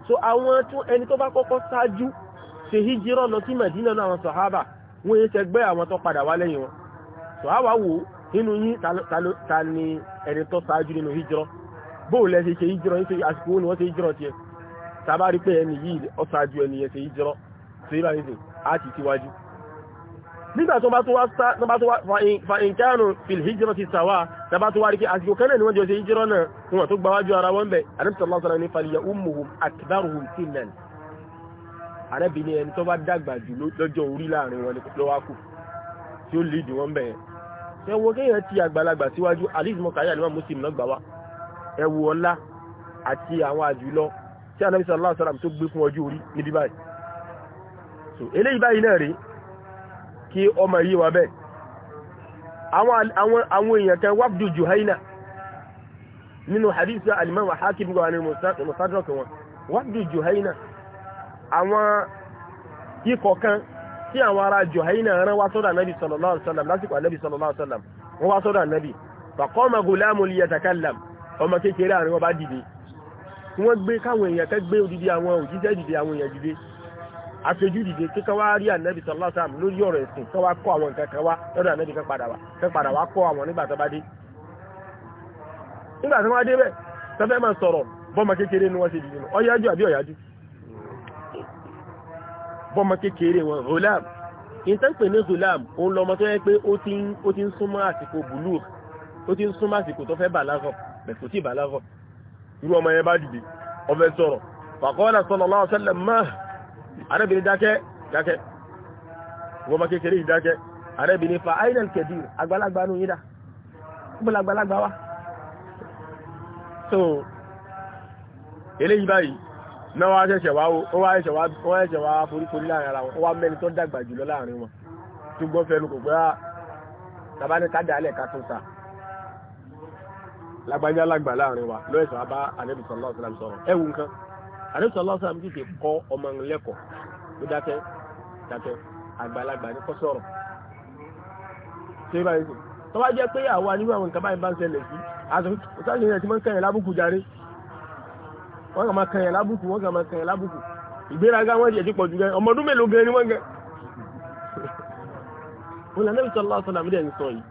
so àwọn tún ẹni tó bá kọ́kọ́ ṣáájú ṣe hijira lọ sí Mẹ̀dínà náà àwọn sọ̀hábà wọ́n yẹn ṣẹgbẹ́ àwọn tó padà wá lẹ́yìn wọn sọ̀hábà wò nínú yín ta ni ẹni tó ṣáájú nínú hijira bóò lẹ́ ṣe ṣe hijira yín ṣe àsìkò wọn ni wọ́n ṣe hijira tiẹ̀ tàbá rí pé ẹni yìí ó ṣáájú ẹni yẹn ṣe hijira ṣe ìbáyìí sìn á ti síwájú nígbà tó bá tó wá fa ìkánu filhijira ti sàwà ta bá tó wá rí kí àsìkò kan náà ni wọ́n jọ sí hijira náà wọn tó gbáwájú ara wọn bẹ̀ anẹ́bìtàlọ́sọ̀rọ̀ ní faliya umuhum akbaruhum sinan arábìnrin ẹni tó bá dàgbà jù lọ́jọ́ orí láàrin wọn lọ́wákù tí ó lè kí ọmọ yí wa bẹ́ẹ̀ àwọn èèyàn kan wábdù juhaina nínú hadith alimam hakim gba ní musadrak wọn wábdù juhaina àwọn ikọ̀ kan tí àwọn ará juhaina rán wá sọ́dọ̀ nabi sallallahu alaihi wasallam lásìkò anabi sallallahu alaihi wasallam wọ́n wá sọ́dọ̀ anabi faqama gulamun liyatakallam ọmọ kékeré àrin wọn bá dìde wọ́n gbé káwọn èèyàn kẹ́ gbé odidi àwọn òjíṣẹ́ dìde àwọn èèyàn dìde aṣojú dìde kí káwá rí ànábì sallallahu alaihi wasallam lórí ọ̀rọ̀ ẹ̀sìn káwá kọ́ àwọn nǹkan kan wá lọ́dọ̀ ànábì kan padà wá kan padà wá kọ́ àwọn nígbà tó bá dé nígbà tó wá dé bẹ́ẹ̀ tó máa sọ̀rọ̀ bọ́mọ kékeré ni wọ́n ṣe dìde ó àbí ó bọ́mọ kékeré wọn hulam ìtẹ́pẹ̀ ní hulam òun lọmọ tó yẹ pé ó ti ń súnmọ́ àsìkò bùlù ó ti ń súnmọ́ àsìkò tó fẹ́ bàlágọ̀ bẹ̀kù tí bàlágọ̀ irú ọmọ yẹn bá dìde ó arábìnrin dákẹ́ dákẹ́ wọ́n bá kékeré ìdákẹ́ arábìnrin fa ainal kedir àgbàlagbà nù yídá gbọ́n wá so eléyìí báyìí náà wá ṣẹ̀ṣẹ̀ wá ó wá ṣẹ̀ṣẹ̀ wá foríforí láàrin ara wọn jùlọ ah, láàrin wa lọ́ẹ̀sọ̀ abá nǹkan àdéhùn ọlọ́sàn àmì tètè kọ́ ọmọ ńlẹ́kọ̀ọ́ tó dákẹ́ dákẹ́ àgbàlagbà ní kọ́sọ̀rọ̀ ṣé bá yìí tó bá jẹ́ pé àwa nínú àwọn nǹkan báyìí bá ń ṣẹlẹ̀ sí àtúnṣe yẹn ti máa ń kẹyìn lábùkù járe wọ́n kàn máa kẹyìn lábùkù wọ́n kàn máa kẹyìn lábùkù ìgbéraga wọ́n jẹ̀ ti pọ̀ jù gan ọmọ ọdún mélòó gan ni wọ́n gan òun lànàbì sọlọ́lá sọlá mi dẹ̀ ń sọ yìí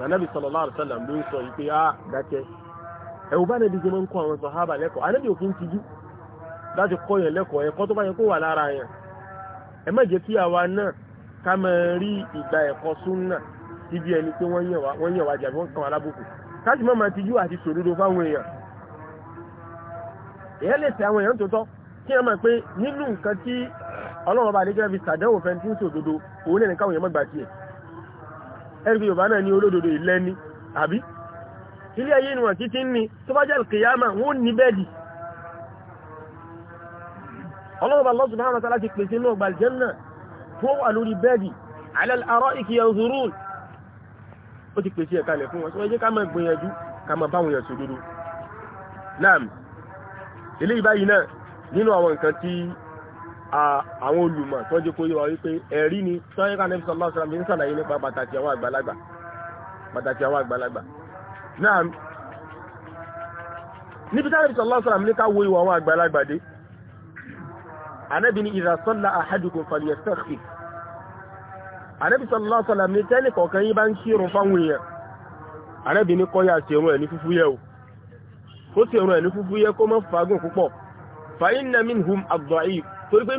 lànàbì sọlọ́lá sọlá mi dẹ̀ ń sọ yìí pé á ah, dákẹ́ ẹ̀wù bá nàbí jẹ́ mọ́ ń kọ́ àwọn sọ̀hábà lẹ́kọ̀ọ́ anábì òfin ti jú láti kọ́ yẹn lẹ́kọ̀ọ́ ẹ̀kọ́ tó bá yẹ kó wà lára yẹn ẹ má jẹ́ kí àwa náà ká mọ rí ìgbà ẹ̀kọ́ súnà síbi ẹni pé wọ́n yẹ̀ wá wọ́n yẹ̀ wá jàbí wọ́n kàn alábùkù káàtì mọ́ máa ti jú àti sòdodo fáwọn èèyàn ilé ayé ìwọ̀n títí ní tó bá jẹ́ alkiyama wọ́n ní bẹ́ẹ̀dì ọlọ́ọ̀bà Allah subhanahu wa ta'ala ti pèsè náà gbàljanna tó wà lórí bẹ́ẹ̀dì ala al-ara'iki yanzurun ó ti pèsè ẹ̀kalẹ̀ fún wọn tó ẹjẹ́ ká máa gbìyànjú ká máa báwọn yẹn sódodo naam ilé ìbáyìí náà àwọn olùmọ̀ tó jẹ́ kó yé wípé ẹ̀rí ni tó yẹ náà níbi tàbí sallallahu alaihi wasallam ní ká wo ìwà àwọn àgbàlagbà dé Ànábì ní idha salla ahadukum falyastaghfir Ànábì sallallahu alaihi wasallam ní tẹ́lẹ̀ kọ̀ọ̀kan yí bá ń kírun fáwọn èèyàn Ànábì ní kọ́yà sí ẹ̀rùn ẹ̀ ní fúfú yẹ́ o ó sì ẹ̀rùn ẹ̀ ní fúfú yẹ́ kó mọ́ fagùn púpọ̀ fa inna minhum ad-da'if torí pé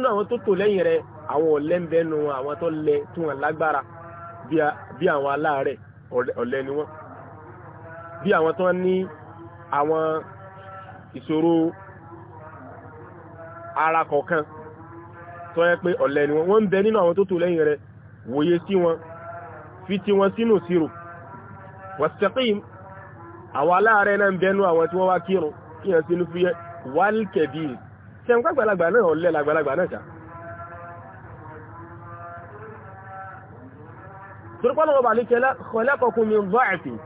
inú bí àwọn tó ń ní àwọn ìṣòro ara kọ̀ọ̀kan tó yẹ pé ọ̀lẹ ni wọ́n wọ́n ń bẹ nínú àwọn tó tò lẹ́yìn rẹ̀ wòye sí wọn fi ti wọn sínú sírò wastaqim àwọn aláàárẹ̀ náà ń bẹnu àwọn tí wọ́n wá kírun kíyàn sínú fúyẹ́ wálkẹ̀bí ṣẹun kágbàlagbà náà ọ̀lẹ làgbàlagbà náà ṣá torípọ́nà ọba àlékẹ́lá khalaqakum min dha'fin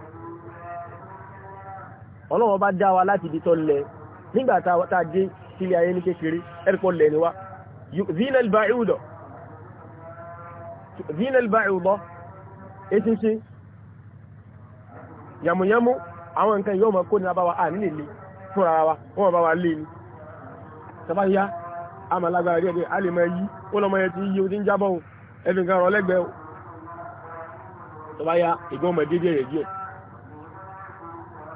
ọlọ́wọ́ bá dá wa láti ibi tó lẹ nígbà tá a dé sílé ayé ní kékeré ẹ̀rìpọ̀ lẹ̀ ni wá zinal ba'udọ́ eṣinṣin yàmùyàmù àwọn nǹkan yóò mọ̀ kó ní abáwa à nílè lè fún ara wa wọ́n bá wa lè ẹ̀fìn kan rọ lẹ́gbẹ̀ẹ́ tàbá yá ìgbọ́n mọ̀ rẹ̀ díẹ̀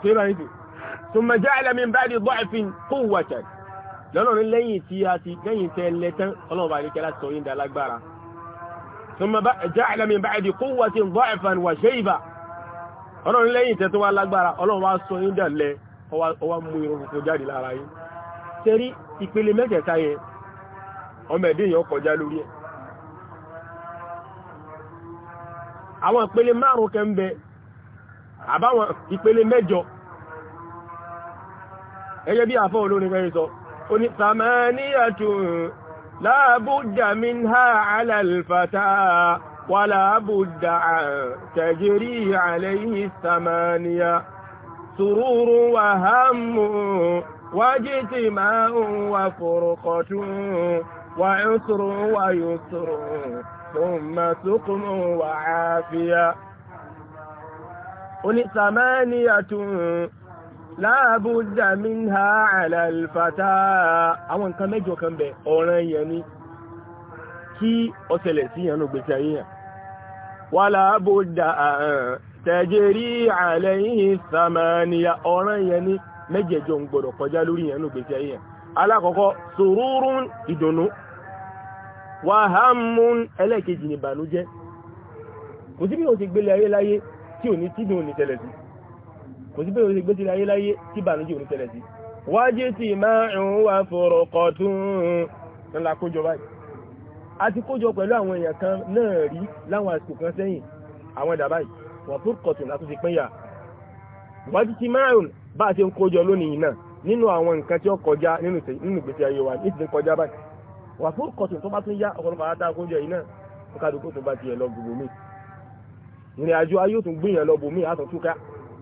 tí ó bá ní ثم جعل من بعد ضعف قوة lọ́nà lẹ́yìn tí a ti lẹ́yìn لتن، lẹ́tán بعد كلا سوين láti sọ ثم جعل من بعد قوة ضعفا وشيبا ọlọ́run lẹ́yìn tẹ́ tó wá lágbára ọlọ́run wá sọ yínda lẹ ọwá mú irun funfun jáde lára yín tẹ́rí ìpele mẹ́tẹ̀ẹ̀ta yẹn ọmọ ẹ̀dẹ́ yẹn kọjá lórí ẹ̀ àwọn ìpele márùn-ún kẹ́ ń bẹ àbáwọn ìpele mẹ́jọ ẹgẹ́ bí àfọ́ olórin fẹ́ sọ ó ní samaniyatun la budda minha ala al-fata wala budda tajri alayhi samaniya sururu wa hammu واجتماع وفرقة وعسر ويسر ثم سقم وعافية قل ثمانية láàbùdà minha ala al-fata àwọn nǹkan mẹ́jọ kan bẹ̀ ọ̀ràn yẹn ni kí ó ṣẹlẹ̀ sí yẹn nù gbèsè ayé yẹn wà láàbùdà tẹ̀jẹ̀rí àlẹ́yìn samaniya ọ̀ràn yẹn ni mẹ́jẹ̀jọ ń gbọ́dọ̀ kọjá lórí yẹn nù gbèsè ayé yẹn alákọ̀ọ́kọ́ sùúrùn ìdùnnú kò sí bẹ́ẹ̀ gbé sílẹ̀ ayéláyé tí bàánújẹ́ òní tẹ̀lẹ̀ sí wájé tí máa ń wà fòrò kọ̀tún ńlá kójọ báyìí a ti kójọ pẹ̀lú àwọn èèyàn kan náà rí láwọn àsìkò kan sẹ́yìn àwọn ẹ̀dà báyìí wọ́n fòrò kọ̀tún látúnṣe pínyà wájé tí máa ń bá a ṣe ń kójọ lónìí náà nínú àwọn nǹkan tí ó kọjá nínú ìgbésí ayé wa ní ti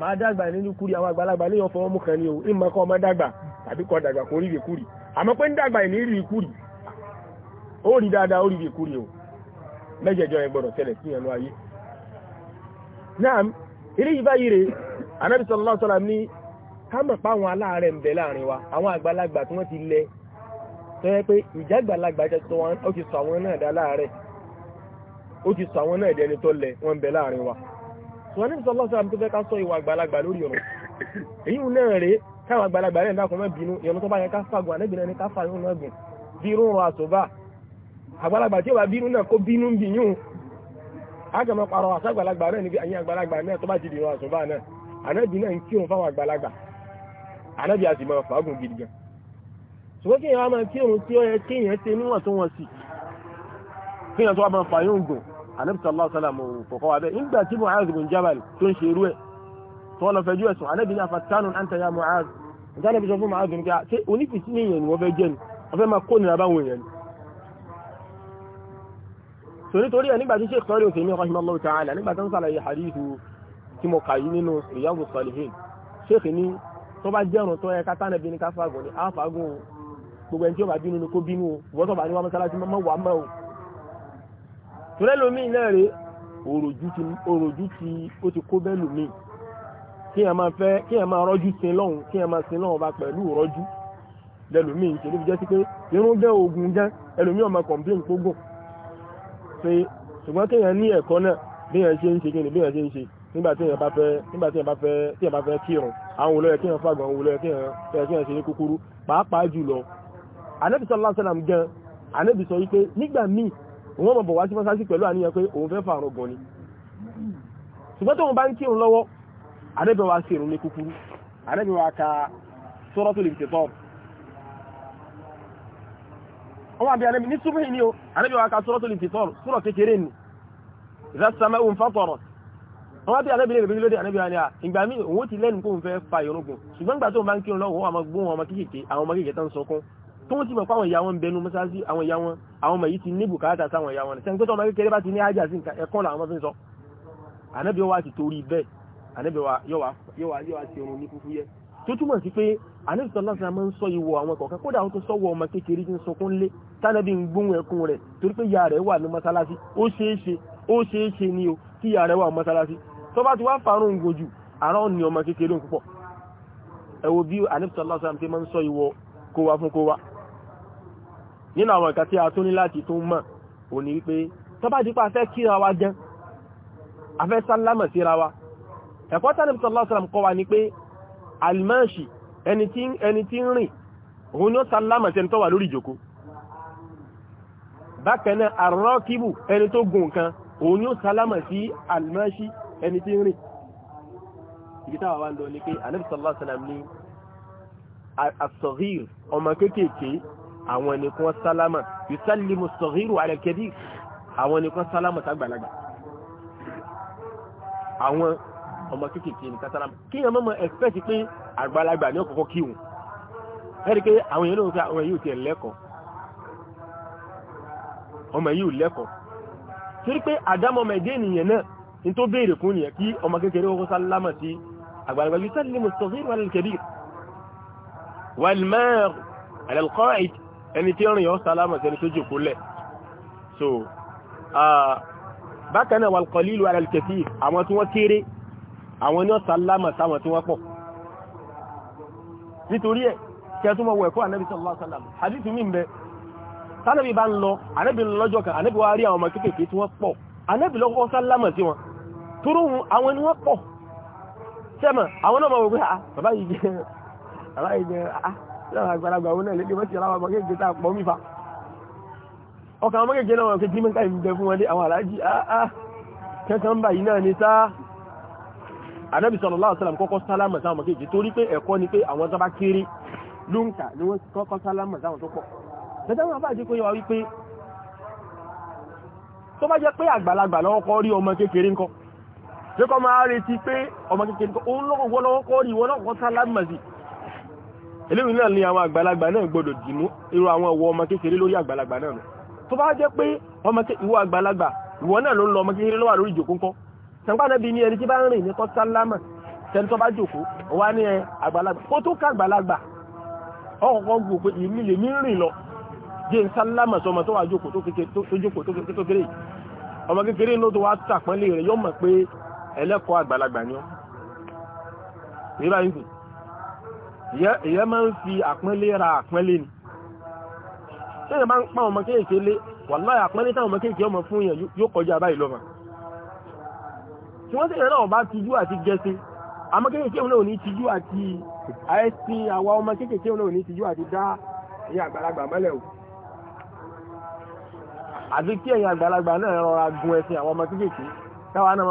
máa dàgbà nínú kúrì àwọn àgbàlagbà léèyàn fọwọ́ mú ni o ìmọ̀ kọ́ ọmọ dàgbà tàbí kọ́ dàgbà kò rí ìkúrì àmọ́ pé ń dàgbà ìní rí ìkúrì ó rí dáadáa ó rí o mẹ́jẹ̀jọ yẹn gbọ́dọ̀ tẹ̀lẹ̀ sí ẹnu ayé náà ilé yìí báyìí rè anábì sallallahu ní ká mọ̀ wọ́n ní sọ́lọ́ sáà tó fẹ́ ká sọ ìwà àgbàlagbà lórí ọ̀rọ̀ èyí ń náà rèé káwọn àgbàlagbà rẹ̀ dákun mọ́ bínú ìrún tó bá yẹ ká fàgùn àlẹ́bìnrin ní ká fàyún náà gùn bí irun rọ àsòbá àgbàlagbà tí ó bá bínú náà kó bínú bí yún ágàmọ́ parọ́ àṣà àgbàlagbà rẹ̀ níbi àyín àgbàlagbà náà tó bá ti dìrọ̀ àsòbá náà ànábì náà ń kírun fáwọn àgbàlagbà ànábì àti mọ́ fàágùn gidi anabi sallallahu alayhi wa sallam kọ̀kọ́ wa bẹ́ẹ̀ nígbà tí mu'az bin jabal tó ń ṣe irú ẹ̀ tó lọ fẹjú ẹ̀sùn anabi ní afatanu anta ya mu'az nǹkan anabi sọ fún mu'az bin jabal ah, ṣé onífìsí ni èèyàn ni wọ́n fẹ́ jẹ́ ni wọ́n fẹ́ máa kó nira báwọn èèyàn ni. sọ nítorí ẹ̀ nígbà tí sheikh sọ́ọ́lì òsèmí rahimahullahu ta'ala nígbà tó ń sàlàyé hadithu tí mo kà yí nínú riyadu salihin sheikh ní tó bá jẹ́rùn tó yẹ ká tánàbí ní ká fagùn ní àfagùn gbogbo ẹni tí ó bá bínú ni kó bínú wọ́n tó tọ́lẹ́ lómìn náà rè òròjú ti ó ti kó bẹ́ẹ̀ lómìn kí ẹ máa fẹ́ kí ẹ máa rọ́jú sin lọ́hùn kí ẹ máa sin lọ́hùn bá pẹ̀lú rọ́jú lẹ́lòmíì ń ṣe níbi jẹ́ sí pé irun jẹ́ oògùn gan ẹlòmíì ọmọ complain gbogbo pé ṣùgbọ́n kéèyàn ní ẹ̀kọ́ náà béèyàn ṣe ń ṣe kí ni béèyàn ṣe ń ṣe nígbà tí èèyàn bá fẹ́ nígbà tí èèyàn bá fẹ́ tí èèyàn bá fẹ́ kírun àwọn olóyè kéèyàn fàgbọ̀n àwọn olóyè kéèyàn ṣe ní kúkúrú pàápàá jùlọ ànábì sallallahu alaihi wasallam gan ànábì sọ wípé nígbà míì wọ́n mọ̀ bọ̀ wá sí mọ́sáàsì pẹ̀lú àníyàn pé òun fẹ́ fàárọ̀ gan ni ṣùgbọ́n tóun bá ń kírun lọ́wọ́ àrẹ́bẹ̀ wa sí ìrun ní kúkúrú àrẹ́bẹ̀ wa ka suratul ni idha as-sama'u infatarat wọ́n bí alẹ́bí lè rí lóde ànábì wa ni à ìgbà mí òun ti lẹ́nu kóun fẹ́ fa ìrúgbìn tó ń ti mọ̀ pé àwọn ìyá wọn ń bẹnu mọ́sáàsì àwọn ìyá wọn àwọn ọmọ yìí ti ní bùkátà sáwọn ìyá wọn sẹ́ni pé tọ́mọ kékeré bá ti ní ájà sí ẹ̀kọ́ làwọn ọmọ fi ń sọ ànábì wa ti torí bẹ́ẹ̀ ànábì wa yóò wá yóò wá yóò wá ti ọrùn ní kúkú yẹ tó túmọ̀ sí pé ànábì sọ lọ́sàn máa ń sọ ìwọ àwọn ni o kí ìyá rẹ̀ wà mọ́sálásí tó bá ti wá farun ìgòjù fún kó nínú àwọn ìkà tí a tún ní láti tún mọ̀ ò ní wípé tó bá dípa afẹ́ kíra wa gan afẹ́ sálámọ̀ síra wa ẹ̀kọ́ tánàbí sallallahu alaihi ni ó sálámọ̀ sí ẹni tó wà lórí ìjòkó bákan náà arọ́kíbù ẹni tó gùn kan òun ni ó sálámọ̀ sí almanshi ẹni tí ń rìn ìgbítàwà ọmọ kéékèèké àwọn ẹni kan sálámà yusallimu saghiru ala kabir àwọn ẹni kan sálámà sàgbàlagbà àwọn ọmọ kéékèèké ní kásálámà kí ẹ mọ́mọ́ ẹ̀fẹ́sì pé àgbàlagbà ní ọkọ̀ọ̀kọ̀ kí wọn ẹ̀rí àgbàlagbà yìí sálẹ̀ mọ̀ sọ̀rọ̀ wal kabir wal ẹni tí rìn yọ sálámà sẹni tó jòkó lẹ̀ so bákan náà wal qalilu ala al-kathir àwọn tí wọ́n kéré àwọn ní ọ̀sálámà sáwọn tí wọ́n pọ̀ nítorí ẹ̀ kẹtùmọ̀ wọ ẹ̀kọ́ ànábì sallallahu alaihi wasallam hadith mi ń bẹ tánàbí bá ń lọ ànábì lọ́jọ́ kan ànábì wá rí àwọn ọmọ kéékèèké láwọn àgbàlagbà wọn náà lédè wọ́n ti ra àwọn ọmọkéèké tá a pọ̀ mí fa ọkàn ọmọkéèké náà wọn kékeré mẹ́ta ìbùdẹ fún wọn dé àwọn aláàjì áá ah, ah, kẹ́kàn báyìí náà ni sáá anábì sallallahu alaihi wasallam kọ́kọ́ sálámà sáwọn ọmọkéèké torí pé ẹ̀kọ́ ni pé àwọn tó bá kéré ló ń kà ni wọ́n kọ́kọ́ sálámà sáwọn tó pọ̀ tẹ́tẹ́ wọn bá jẹ́ pé wá wípé tó bá jẹ́ pé àgbàlagbà lọ́wọ́ kọ́ rí ọmọ kékeré ńkọ́ jẹ́ kọ́ máa retí pé ọmọ kékeré ńkọ́ òun lọ́kọ̀ọ́ lọ́wọ́ kọ́ rí wọn lọ́kọ̀ọ́ sálámà sí eléyìí náà ni àwọn àgbàlagbà náà gbọdọ̀ dìmú irú àwọn ọwọ́ ọmọ kékeré lórí àgbàlagbà náà nù tó bá jẹ́ pé ìwọ àgbàlagbà ìwọ náà ló ń lọ ọmọ kékeré lọ́wà lórí ìjòkó ńkọ́ sàǹpàdé bí ní ẹni tí bá ń rìn ní kọ́ sálámà tẹni tó bá jòkó wá ní àgbàlagbà kó tó ká àgbàlagbà èyàn máa ń fi àpọ́nlé ra àpọ́nlé ni tẹ́yìn bá ń pa ọmọ kéèkéé lé wàláhì àpọ́nlé táwọn ọmọ kéèkéé ọmọ fún yẹn yóò kọjá báyìí lọ́mà tí wọ́n tẹ́yìn náà bá tijú àti gẹṣin àmọ́ kéèkéé náà ní tijú àti àẹ́sìn àwa ọmọ kéèkéé náà ní tijú àti dá ní àgbàlagbà mọ́lẹ̀ o àti kí ẹ̀yin àgbàlagbà náà rọra gun ẹṣin àwọn ọmọ kéèkéé táwa náà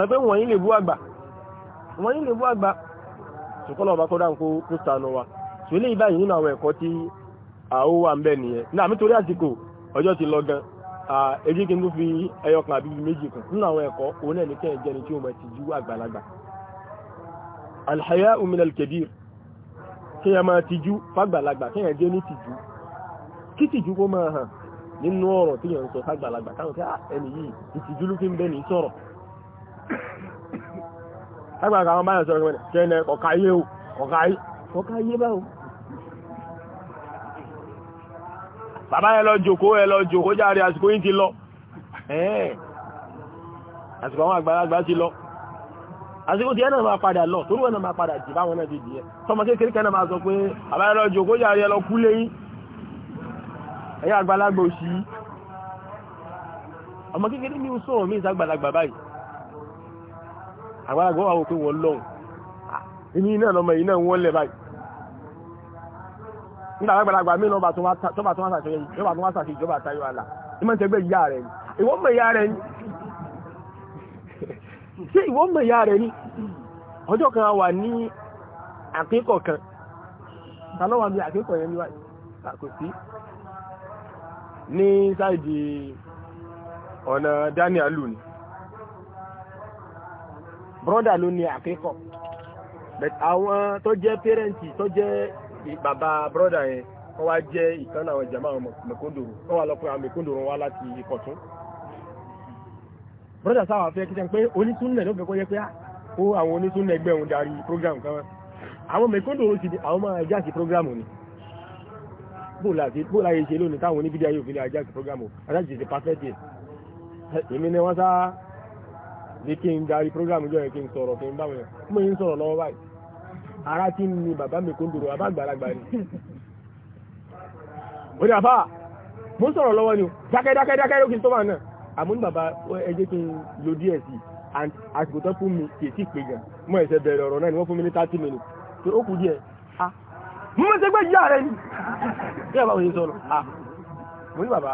má bàa wọ́n yìí lè bú àgbà ṣùkọ́nà ọba kọ́dá kó kó sànù wa ṣùgbọ́n ilé ìbáyìí nínú àwọn ẹ̀kọ́ tí àó wà ń bẹ nìyẹn náà nítorí àsìkò ọjọ́ ti lọ gan èyí kí n tó fi ẹyọ kan àbí méjì kan nínú àwọn ẹ̀kọ́ òun náà ní kẹ́hìn jẹ́ni tí ó mọ̀ ti ju àgbàlagbà alhaya uminal kabir kéèyàn máa tijú fàgbàlagbà kéèyàn jẹ́ ní tijú kí tijú kó máa hàn nínú ọ̀rọ̀ téèyàn ń sọ fàgbàlagbà káwọn kí ah, ẹni yìí ìtìjú ló fi ń bẹ ní sọ̀rọ̀ lágbàgbà àwọn báyọ̀ sọ̀rọ̀ kẹ́ẹ̀nẹ̀ ọ̀káyé o ọ̀káyé ọ̀káyé báwo. bàbá yẹn lọ jòkó ẹ lọ jòkó járe àsìkò yín ti lọ àsìkò àwọn àgbàlagbà ti lọ àsìkò tí ẹ náà máa padà lọ torí wọn náà máa padà jì báwọn náà ti jì ẹ tọmọ kékeré kan náà máa sọ pé bàbá yẹn lọ jòkó járe ẹ lọ kú léyìn ẹ̀yà àgbàlagbà òsì ọmọ kékeré ní sọ̀rọ̀ mí ìsàgbàlagbà báyìí àwọn àgbọ̀ àwọn òpin wọn lọ́hùn ìní iná lọmọ yìí wọ́n lẹ̀ báyìí nígbà àgbàlagbà mí lọ́ba ni àkíkọ̀ kan tàlọ́wà bí àkíkọ̀ yẹn ní wáyé kò sí ní sáìdì ọ̀nà daniel lù ni brọ́dà ló ní àkíkọ̀ but àwọn tó jẹ́ pẹ́rẹ́ǹtì tó jẹ́ bàbá brọ́dà yẹn wọ́n wá jẹ́ ìkan àwọn jàmá àwọn mẹ̀kúndòrò wọ́n wá lọ pé àwọn mẹ̀kúndòrò wá láti ìkọ̀tún brọ́dà sáwà fẹ́ kíkẹ́ pé onísúnnẹ̀ ló fẹ́ kó yẹ pé ah, ó àwọn onísúnnẹ̀ ẹgbẹ́ òun darí program kan àwọn mẹ̀kúndòrò ti di àwọn máa jáàsì program ni bó láyé ṣe lónìí táwọn oníbídíà yóò fi ajáàsì program ajáàsì ti pàfẹ́ bí kí n darí programu jọ yẹn kí n sọ̀rọ̀ kí n bá wọn yẹn mo yẹn ń sọ̀rọ̀ lọ́wọ́ báyìí ara ti ní bàbá mi kóńdòrò bàbá àgbàlagbà ni ó ní àbá mo ń sọ̀rọ̀ lọ́wọ́ ni o dákẹ́dákẹ́dákẹ́ ló kí n tó wà náà àmú ní bàbá ẹ jẹ́ kí n lo díẹ̀ sí i àsìkò tó fún mi kì í sì pé gan mo ẹ̀sẹ̀ bẹ̀rẹ̀ ọ̀rọ̀ náà ni wọ́n fún mi ní thirty minutes tó ó kù díẹ̀ ah mo mọ̀ sẹ́gbẹ́ ìyá rẹ ni bí àbá òye sọ̀rọ̀ ah mo ní bàbá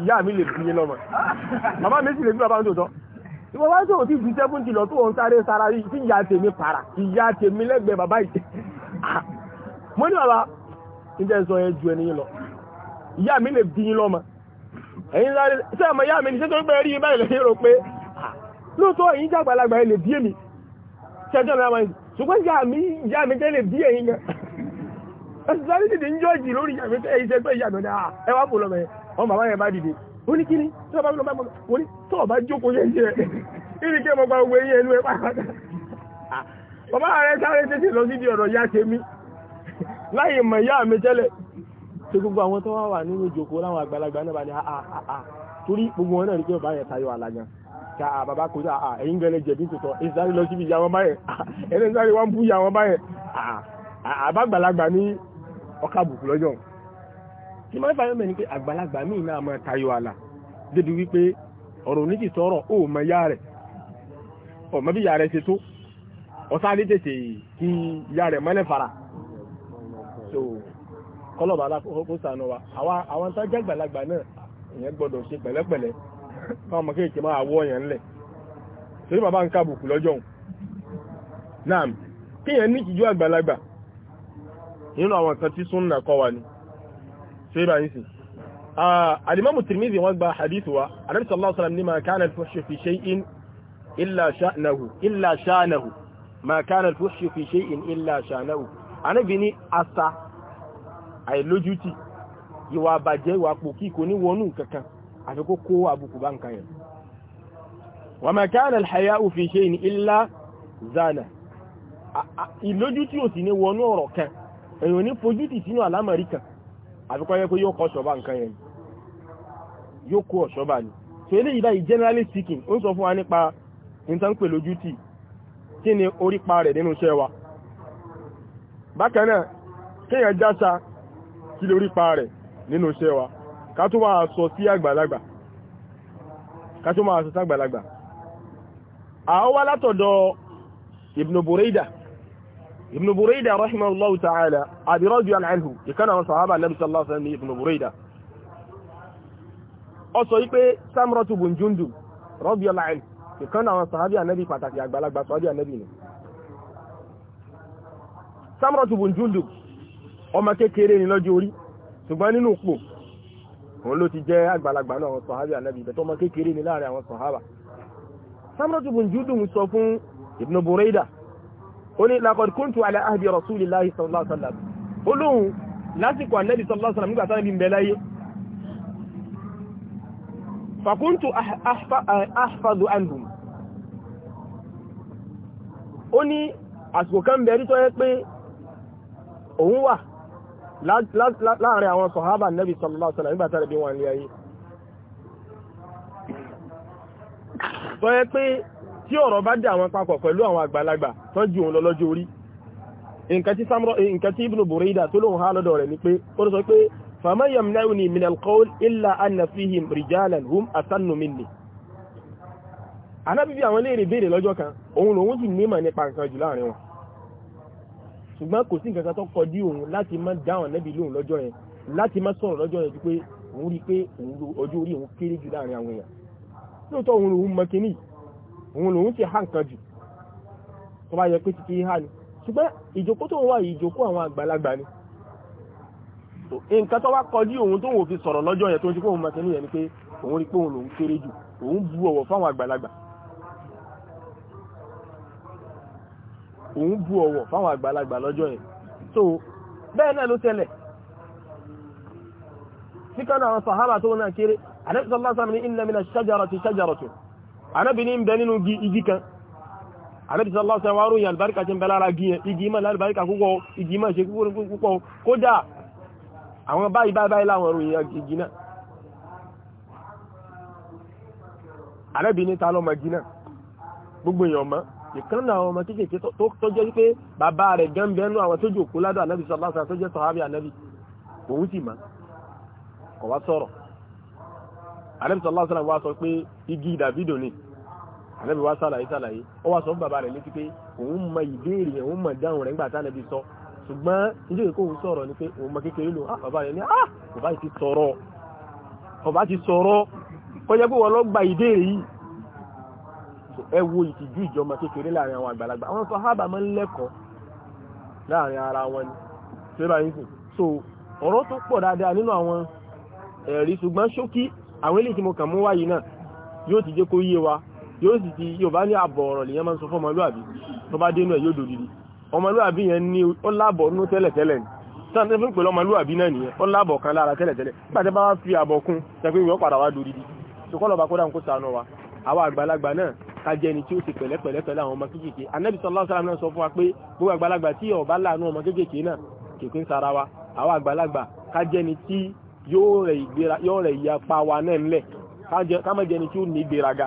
ìyá mi lè bí yín lọ́mọ bàbá mi sì lè bí bàbá ń tòótọ́ ìwọ wá sọ̀rọ̀ tí ju seventy lọ tó ń sáré sára yìí ìyá tèmi para ìyá tèmi lẹ́gbẹ̀ẹ́ bàbá yìí ah, mo ní bàbá níjẹ́ sọ yẹn ju ẹni yín lọ ìyá mi lè bí yín lọ́mọ ẹ̀yin sáré sẹ́ ọmọ ìyá mi ní sẹ́tọ́ pé rí yín báyìí lẹ́yìn rò pé ah, lóòótọ́ ẹ̀yin jẹ́ àgbàlagbà ẹ̀ lè bí èmi ṣẹ́jọ́ náà máa ń ṣùgbọ́n ìyá mi ìyá mi jẹ́ ó ní kíni tí ọba lọ́ba mọ́mọ́ ó ní tí ọba jókòó yẹ yẹ ìrìn kí ọmọ gbogbo eyín ẹnu ẹ pàápàá ah, bàbá rẹ sáré tètè lọ sí di ọ̀rọ̀ ya ṣe mí láyé mọ̀ ìyá mi tẹ́lẹ̀ tí gbogbo àwọn tó wà nínú ìjòkó láwọn àgbàlagbà náà bá ní àà ah, ah, torí gbogbo wọn náà rí pé ọba yẹn tayọ àlàyàn ká àbàbá kò sáà ẹ̀yìn gẹlẹ jẹ̀bi tòtọ́ ìsáré lọ síbi ìyá wọn báyẹn ẹni sáré wọn bú ìyá wọn báyẹn àbàgbàlagbà ní ọkà lọ́jọ́ tí máa ń fàyọ́ mẹ́rin pé àgbàlagbà míì náà máa tayọ àlà débi wípé ọ̀rọ̀ oníjì sọ̀rọ̀ ó mọ yá rẹ̀ ọ̀mọ bí yá rẹ̀ ṣe tó ọ̀sá lè tètè kí yá rẹ̀ mọ́lẹ̀ fara so kọlọ̀bà alákòókò sànù wa àwọn tó jẹ́ àgbàlagbà náà ìyẹn gbọ́dọ̀ ṣe pẹ̀lẹ́pẹ̀lẹ́ fáwọn ọmọ kéèké máa wọ́ yẹn ńlẹ̀ torí bàbá ń kábùkù lọ́jọ́ náà kéèyàn ní ìjú àgbàlagbà nínú àwọn kan tí súnnà kọ́ wa ni ṣe bá yìí sí alimamu tirmidhi wọ́n gba hadith wa anabi sallallahu alaihi wasallam ni ma kana al-fuhshu fi shay'in illa sha'nahu illa sha'nahu ma kana al-fuhshu fi shay'in illa sha'nahu anabi ni asa àìlójútì ìwà àbàjẹ́ ìwà pòkí kò ní wọnú kankan àfi kó kó àbùkù bá nǹkan yẹn wa ma kana al-haya'u fi shay'in illa zana ìlójútì ò sì ní wọnú ọ̀rọ̀ kan èèyàn ní fojútì sínú àlámọ̀rí kan àfikọ́ yẹ pé yóò kọ́ ṣọ́bà nǹkan yẹn yóò kó ọ̀ṣọ́bà ni so eléyìí báyìí generally speaking ó ń sọ fún wa nípa nǹkan pè lójú tì kí ni orípa rẹ̀ nínú iṣẹ́ wa bákan náà kéèyàn jása kí lórí pa rẹ̀ nínú iṣẹ́ wa ká tó máa sọ sí àgbàlagbà ká tó máa sọ sí àgbàlagbà àwọn wá látọ̀dọ̀ Ibn Buraida ibn Burayda rahimahullahu ta'ala abi radiyallahu anhu ìkànnà wọn sàhábà nabi sallallahu alaihi wasallam ibn Burayda ó sọ wípé Samratu bun Jundub radiyallahu anhu ìkànnà wọn sàhábà ànábì pàtàkì àgbàlagbà sàhábà ànábì ni Samratu bun Jundub ọmọ kékeré ni lọ́jọ́ orí ṣùgbọ́n nínú pò òun ló ti jẹ́ àgbàlagbà náà àwọn sàhábà ànábì ìbẹ̀tọ́ ọmọ kékeré ni láàrin àwọn sàhábà Samratu bun Jundub sọ fún ibn Burayda ó ní laqad kuntu ala ahdi rasulillahi sallallahu alaihi wasallam olóhun lásìkò annabi sallallahu alaihi wasallam nígbà tánàbí mbẹ̀láyé fa kuntu ah, ah, ah, ahfadu anhum ó ní àsìkò kan bẹ̀rí tó yẹ pé òun wà láàrin àwọn sọ̀hábà annabi sallallahu alaihi wasallam nígbà tánàbí wọn lé ayé tó yẹ pé tí ọ̀rọ̀ bá dé àwọn papọ̀ pẹ̀lú àwọn àgbàlagbà tán jù òun lọ lọ́jọ́ orí nǹkan tí ibùdó Burayda tó lóun há lọ́dọ̀ rẹ̀ ni pé ó sọ pé fama yamna'uni min alqawl illa anna rijalan hum asannu anábíbí àwọn léèrè béèrè lọ́jọ́ kan òun lòun sì nímọ̀ nípa nǹkan jù láàrin wọn ṣùgbọ́n kò sí nǹkan tó kọ òun láti má dáhùn nẹ́bí lóhun lọ́jọ́ yẹn láti má sọ̀rọ̀ lọ́jọ́ yẹn ju pé òun rí pé ọjọ́ orí òun kéré jù láàrin àwọn èèyàn lóòótọ́ òun lòun mọ kínní òun lòun ti há nǹkan jù tó bá yẹ pé títí há ni ṣùgbọ́n ìjókòó tó wà ìjókòó àwọn àgbàlagbà ni nǹkan tó wá kọjú òun tó wò fi sọ̀rọ̀ lọ́jọ́ yẹn tó ń ṣe pé òun mọ̀tẹ́ pé òun rí bu fáwọn àgbàlagbà lọ́jọ́ bẹ́ẹ̀ náà ló tẹ́lẹ̀ síkánà àwọn anábi ní bẹ nínú igi kan anábi sallallahu alaihi wa ròyìn albarka ti ń bẹ lára igi yẹn igi ma lálbarka púpọ̀ igi ma ṣe púpọ̀ kódà àwọn báyìí báyìí láwọn ròyìn igi náà anábi ní ta lọ́mọ igi náà gbogbo èèyàn mọ́ ìkan náà àwọn ọmọ kéékèèké tó jẹ́ pé bàbá rẹ̀ gan bẹnu àwọn tó jòkó ládọ̀ anábi sallallahu alaihi wa tó jẹ́ sọ̀hábì anábi òun sì mọ́ kọ̀ wá sọ̀rọ̀ anábi sallallahu alaihi wa sọ pé igi dàbídò ni ànábì wá sàlàyé sàlàyé ó wá sọ fún bàbá rẹ̀ létí pé òun mọ ìbéèrè yẹn òun mọ ìdáhùn rẹ̀ nígbà tá ànábì sọ ṣùgbọ́n níjẹ́ kó òun sọ̀rọ̀ ni pé òun mọ kékeré lò á ah, bàbá rẹ̀ ní ah, á bàbá ti sọ̀rọ̀ ọba ti sọ̀rọ̀ kọjá pé wọ́n lọ gba ìbéèrè yìí ẹ wo ìtìjú ìjọba kékeré láàrin àwọn àgbàlagbà àwọn sàhábà máa ń lẹ́kọ̀ọ́ láàrin ara wọn ni ṣé báyìí sùn so ọ̀rọ̀ tó pọ̀ dáadáa nínú àwọn ẹ̀rí ṣùgbọ́n ṣókí àwọn eléyìí tí mo kàn mú wáyìí náà yóò ti jẹ́ kó yé wa yóò sì ti yóò bá ní àbọ̀ ọ̀rọ̀ lèyàn máa ń sọ fún ọmọlúàbí tó bá dénú ẹ̀ yóò dòdìdì ọmọlúàbí yẹn ní ó lábọ̀ nú tẹ́lẹ̀tẹ́lẹ̀ ni sáà tẹ́ fún pẹ̀lú ọmọlúàbí náà nìyẹn ó lábọ̀ kan lára tẹ́lẹ̀tẹ́lẹ̀ pàtẹ́ bá fi àbọ̀ kún tẹ́pẹ́ ìwọ́ padà wá dòdìdì ṣùkọ́lọ́ba kó dáhùn kó sànù wa àwa àgbàlagbà náà ká jẹ́ ẹni tí ó ti pẹ̀lẹ́pẹ̀lẹ́ pẹ̀lú àwọn ọmọ kéékèèké anabi sallallahu alaihi wasallam sọ fún wa pé gbogbo yóò rẹ̀ ìyapa wa náà ńlẹ̀ ká má jẹ́ tí ó ní ìgbéraga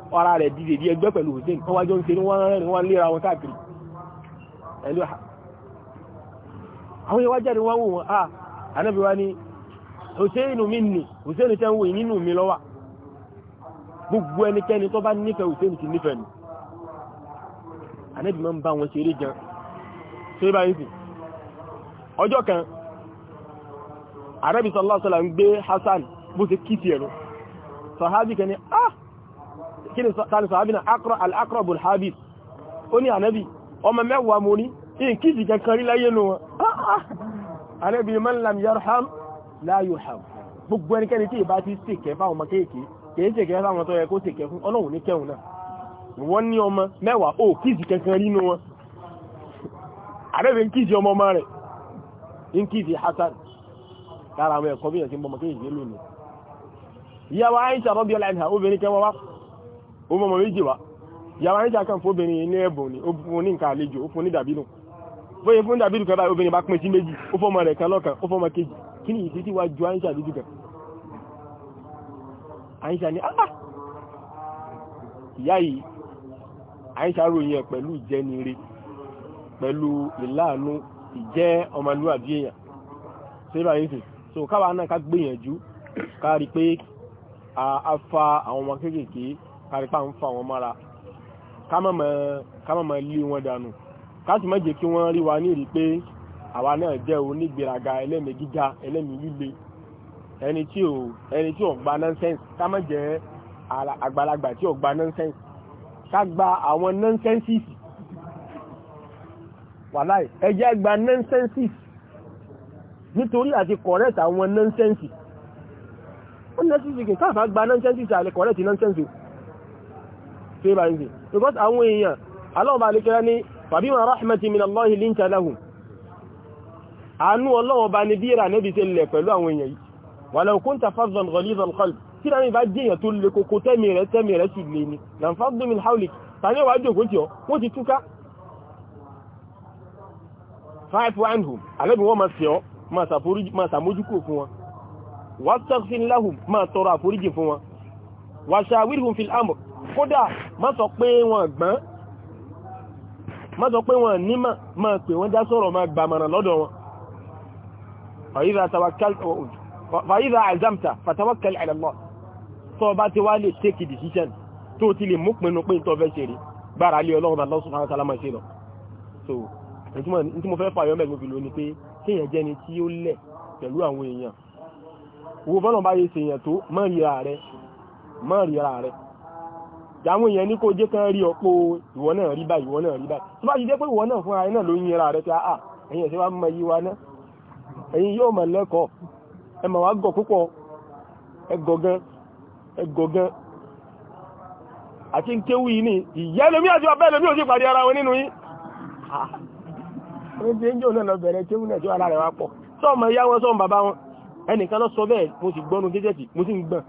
ọ̀rá rẹ̀ dìde di ẹgbẹ́ pẹ̀lú hussein wọ́n wájọ́ ń ṣe ní wọ́n rẹ̀rin wọ́n léra wọn káàkiri ẹ̀lú àwọn ìwá jáde wọ́n wò wọ́n a anábi wá ní hussein mi nì hussein tẹ́ ń wò nínú mi lọ́wà gbogbo ẹnikẹ́ni tó bá nífẹ̀ẹ́ hussein ti nífẹ̀ẹ́ nù anábi máa ń bá wọn ṣeré gan tó bá ń sìn ọjọ́ kan arábi sallallahu alaihi wasallam ń gbé hasan bó ṣe kìtì ẹ̀rọ sọ̀hábì kan ni ah kí ni tani sàábì náà akọrọ al'akọrọbùl habib ó ní ànábì ọmọ mẹ́wàá mo ní in kìsì kankan rí láyé nù wọn ah, ah. ànábì man lam yarham la yurham gbogbo ẹnikẹ́ni tí ìbá ti ṣèkẹ́ fáwọn ọmọ kéèké kìí ṣèkẹ́ fáwọn tó yẹ kó ṣèkẹ́ fún ọlọ́run ní kẹ́hùn náà wọ́n ní ọmọ mẹ́wàá ó kìsì kankan rí nù wọn ànábì ó mọ́ ọmọ méjì wá ìyàwó àníjà kan fóbìnrin yìí ní ẹ̀bùn ni ó fún ní nǹkan àlejò ó fún ní dàbínú bóyá fún dàbínú kan báyìí obìnrin bá pín sí méjì ó fọmọ rẹ̀ kan lọ́kan ó fọmọ kejì kí ni ìsítí wá ju àníjà dúdú kan àníjà ni ápá ah, ah. ìyá yìí àníjà ròyìn ẹ̀ pẹ̀lú ìjẹniire pẹ̀lú ìláàánú ìjẹ́ ọmọlúwàbí èèyàn síbà yìí sì so káwa náà ká gbìyànjú ká rí pé a fa àwọn ọmọ kéékèèké kárípà ń fa wọn mọ́ra kámọ̀mọ̀ lé wọn dànù káàtì má jẹ́ kí wọ́n rí wa ní ìrí pé àwa náà jẹ́ onígbèraga ẹlẹ́mìí gíga ẹlẹ́mìí líle ẹni tí ò ẹni tí ò gba nonsense ká má jẹ́ àgbàlagbà tí ò gba nonsense ká gba àwọn nonsenses wàláì ẹ jẹ́ gba nonsenses nítorí àti correct àwọn nonsenses ó nọ́sẹ̀sì kì káàkiri gba nonsenses àlẹ́ correct nonsenses tó yẹ bá ń sè because àwọn èèyàn aláwọ̀bá alékẹ́lá ní fàbíwọ̀n rahmati min allahi linta lahum àánú ọlọ́wọ̀bá ní bí ìrà níbi tí lè pẹ̀lú àwọn èèyàn yìí walau kunta fazzan ghaliza al-qalb tí ra ní wọ́n ti àforíjì fún wọn wàṣàwírùn fi àmọ̀ kódà má sọ pé wọ́n gbọ́n má sọ pé wọ́n nímọ̀ má pè wọ́n já sọ̀rọ̀ má gbàmọ̀ràn lọ́dọ̀ wọn fàyíza àìzámta fàtàwákàlì àìlàmọ́ tó bá ti wá lè take decision tó ti lè mú pinnu pé tó fẹ́ ṣe rí gbára lé ọlọ́run Allah so ní mo fẹ́ fàyọ́ mẹ́gbẹ́ fi lò ní pé kéèyàn jẹ́ni tí ó lẹ̀ pẹ̀lú àwọn èèyàn wo má ríra rẹ̀ jàwọn èèyàn ní kó jẹ́ kán rí ọ̀pọ̀ ìwọ náà rí báyìí ìwọ náà rí báyìí tó bá ti jẹ́ pé ìwọ náà fúnra náà ló ń yẹra rẹ̀ pé àà ah, ẹ̀yin ẹ̀sẹ̀ wa mọ yí wa náà ẹ̀yin yóò mọ̀ lẹ́kọ̀ọ́ ẹ mọ̀ wá gọ̀ púpọ̀ ẹ gọ̀ gan ẹ gọ̀ gan àti kéwú yìí ni ìyá ẹlòmí àti ọbẹ̀ ẹlòmí ò sí pàdé ara wọn nínú ah. ẹnìkan lọ sọ bẹ́ẹ̀ mo sì gbọ́nu jẹ́jẹ́ sí mo sì ń gbọ́n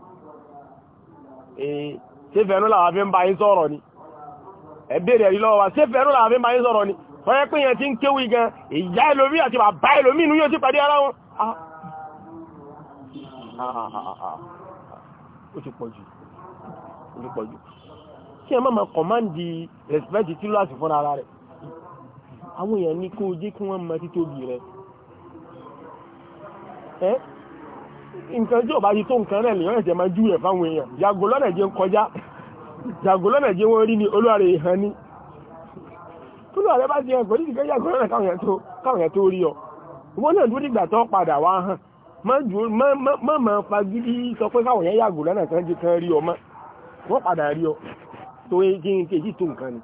ṣéfẹ̀ẹ́nú làwọn fi ń bá yín sọ̀rọ̀ ni ẹ̀bẹ̀rẹ̀ rí lọ́wọ́ ṣéfẹ̀ẹ́nú làwọn fi ń bá yín sọ̀rọ̀ ni fọ́yẹ́ pé yẹn ti ń kéwì gan ìyá ẹlòmí àti bàbá ẹlòmí inú yóò ti pàdé ara wọn ah. ó ti pọ̀ jù ó ti pọ̀ jù kí ẹ má máa kọ̀máǹdì rẹ̀sìpẹ́tì tí lọ́àsì fúnra ara rẹ̀ àwọn èèyàn ní kó o jẹ́ kí wọ́n mọ títóbi rẹ̀ nǹkan tí ò bá yí tó nǹkan rẹ̀ lèyàn ẹ̀jẹ̀ máa jú rẹ̀ fáwọn èèyàn yàgò lọ́nà jẹ́ ń kọjá yàgò lọ́nà jẹ́ wọ́n rí ni olúwarẹ̀ ìhàn ni olúwarẹ̀ bá ti hàn pẹ̀lú ìdíkẹ́ yàgò lọ́nà káwọn èèyàn tó rí ọ wọ́n náà dúró dìgbà tó padà wá hàn má máa fagídí sọ pé káwọn èèyàn yàgò lọ́nà kan jẹ́ kan rí ọ mọ́ wọ́n padà rí ọ tó jẹ́ èyí tó nǹkan ni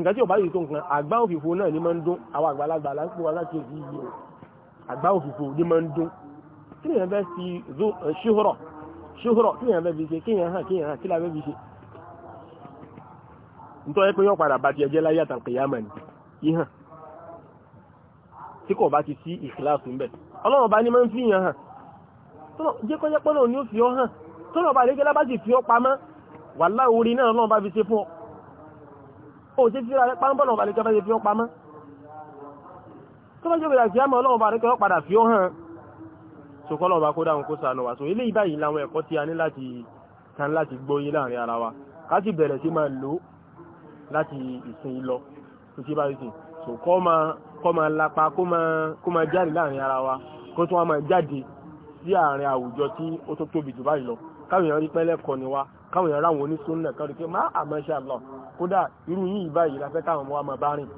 nǹkan tí ò bá yí tó nǹkan àgbá òfìfo náà ni máa ń dún àwọn àgbàlagbà láti àgbá òfìfo ni máa ń dún kí lèyàn fẹ́ fi eh, ṣúhùrọ̀ ṣúhùrọ̀ kí lèyàn fẹ́ fi ṣe kíyàn hàn kíyàn hàn kí lèyàn fẹ́ fi ṣe nítorí pé yóò padà bá ti ẹjẹ́ láyé àtàkìyàmọ̀ ni ìhàn tí kò bá ti sí ìkìláàsù ń bẹ̀ ọlọ́run bá ní máa ń fi yàn hàn jẹ́ kọ́ jẹ́pọ́ náà ni ó fi ọ hàn tọ́lọ̀ bá lẹ́gẹ́lá bá sì fi ọ pamọ́ wà láorí náà lọ́wọ́ bá fi ṣe fún ọ ó ṣe fíra rẹ pámpọ́ lọ́wọ́ bá lẹ́gẹ́lá bá ṣe fi ọ pamọ́ tọ́lọ́jọ́ bẹ̀rẹ̀ sí àmọ́ ọlọ́run bá lẹ́gẹ́lá padà fi ọ hàn so kọ́lọ̀ bá kó dáhùn kó sànù wá so eléyìí báyìí làwọn ẹ̀kọ́ tí a ní láti kan láti gbóyé láàrin ara wa ká sì bẹ̀rẹ̀ sí máa lò láti ìsìn lọ tó ti bá rí sìn so kọ́ máa kọ́ máa lapa kó máa jáde láàrin ara wa kó tún wá máa jáde sí àárín àwùjọ tí ó tó tóbi jù báyìí lọ káwọn èèyàn rí pẹ́lẹ́ kọ́ ni wá káwọn èèyàn ráwọn onísúnnà kan rí pé má àmọ́ àlọ́ kódà irú yìí báyìí la káwọn ọmọ wa máa bá rìn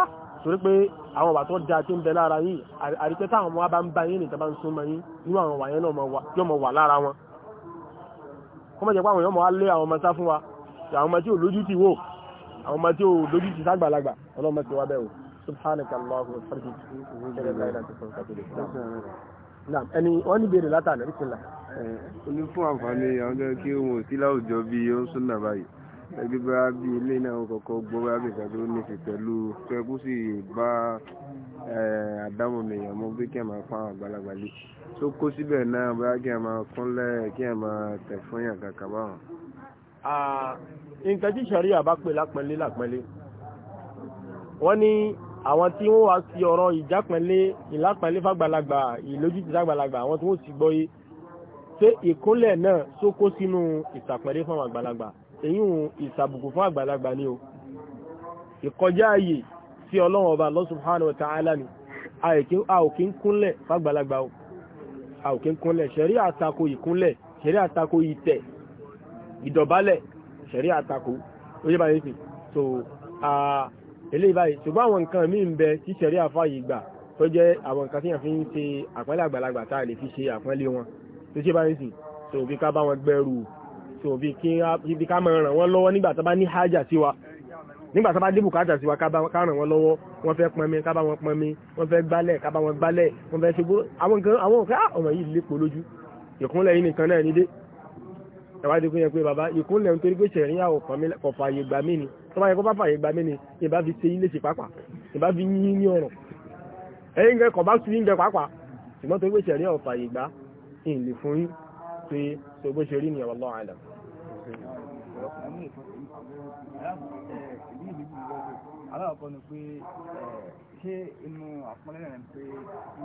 ah! torí pé àwọn ọ̀bà tó da tí ń bẹ lára yìí àrípẹ́ táwọn ọmọ wa bá ń bá yín nìkan bá ń súnmọ́ yín nínú àwọn ọ̀wà yẹn náà yóò mọ̀ wà lára wọn kọ́ mọ̀ jẹ́ pé àwọn èèyàn mọ̀ á lé àwọn ọmọ sá fún wa àwọn ọmọ tí ò lójú ti wò àwọn ọmọ tí ò lójú ti ságbàlagbà ọlọ́mọ ti wá bẹ́ẹ̀ o subhanaka allahu farji ṣẹlẹ̀ láìláì tó fún kàtó lè naam ẹni wọ́n ní béèrè látàlẹ́ ìpínlẹ̀. oní fún àǹfààní àwọn ẹbí bá bí ilé náà kọ́kọ́ gbọ́ bá bẹ̀rẹ̀ tó ní fi pẹ̀lú pẹ́kú sì bá àdámọ̀ nìyàn mú bí kí ẹ máa pa àwọn àgbàlagbà lé tó kó síbẹ̀ náà bá kí ẹ máa kúnlẹ̀ kí ẹ máa tẹ̀ fún yàn kàkà báwọn. nǹkan tí sàríà bá pè lápẹ́lé lápẹ́lé wọ́n ní àwọn tí wọ́n wá sí ọ̀rọ̀ ìjápẹ́lé ìlápẹ́lé fàgbàlagbà ìlójútì fàgbàlagbà àwọn tí wọ́n sì gbọ́ yé ṣé ìkúnlẹ̀ náà sókó sínú ìtàpẹ́lé fún àwọn àgbàlagbà èyí ń ìsàbùkù fún àgbàlagbà ni o ìkọjá ààyè sí ọlọ́run ọba Allah subhanahu wa ta'ala ni a ò kí ń kúnlẹ̀ fàgbàlagbà o a ò kí ń kúnlẹ̀ ṣẹ̀rí àtakò ìkúnlẹ̀ ṣẹ̀rí àtakò ìtẹ̀ ìdọ̀bálẹ̀ ṣẹ̀rí àtakò ó yé báyìí sí so eléyìí báyìí ṣùgbọ́n àwọn nǹkan míì ń bẹ tí ṣẹ̀rí àfààyè gbà tó jẹ́ àwọn nǹkan tíyàn fi ń ṣe àpọ́nlé àgbàlagbà tá a lè fi ṣe àpọ́nlé wọn tó ṣe báyìí sí so bí ká bá wọn gbẹ́rù tó bí kí ká máa ràn wọ́n lọ́wọ́ nígbà tó bá ní hájà sí wa nígbà tó bá dé bùkátà sí wa ká ràn wọ́n lọ́wọ́ wọ́n fẹ́ pọnmi ká bá wọn pọnmi wọ́n fẹ́ gbálẹ̀ ká bá wọn gbálẹ̀ wọ́n fẹ́ ṣe gbóró àwọn nǹkan àwọn nǹkan ọmọ yìí lépo lójú ìkúnlẹ̀ yìí nìkan náà nídé ẹ̀wádìí kún yẹn pé bàbá ìkúnlẹ̀ nítorí pé ṣẹ̀ríyà kò fààyè gbà mí ni tó bá yẹ kó bá fààyè gbà mí ni ìbá fi ṣe ilé ṣe pàápàá ìbá fi yín ní ọ̀rọ̀ ẹ̀yìn gẹ kọ̀ bá tún yín gẹ pàápàá ṣùgbọ́n torí pé rí ni wallahu alam ẹ̀mú ìfọ́sí ìdí ìdí ìdí lọ́dọ̀ aláwọ̀kọ́ ni pé ṣé inú àpọ́nlẹ́rẹ̀ ni pé kí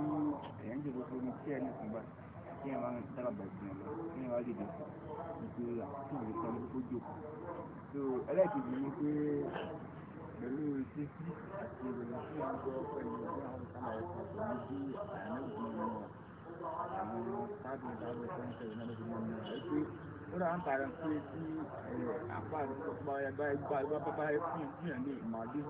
èèyàn jẹ́ gbogbo omi tí ẹni kùn bá kí ẹ máa ń dábàbà ìgbìyàn lọ kí ẹ máa lè dé ìgbé àti ìgbé sọ lóko jókòó so ẹlẹ́ẹ̀kejì ni pé pẹ̀lú ìṣesí àti ìròyìn tí wọ́n gbọ́ pẹ̀lú ìgbé àwọn sábà ọ̀sán pẹ̀lú bí àyànnà ìgbìyàn àwọn sábà ìgbà ó dáa ń tààrà pé tí àpá ìgbàgbà bá ẹ fún ìyàn ní ìmọ̀lẹ́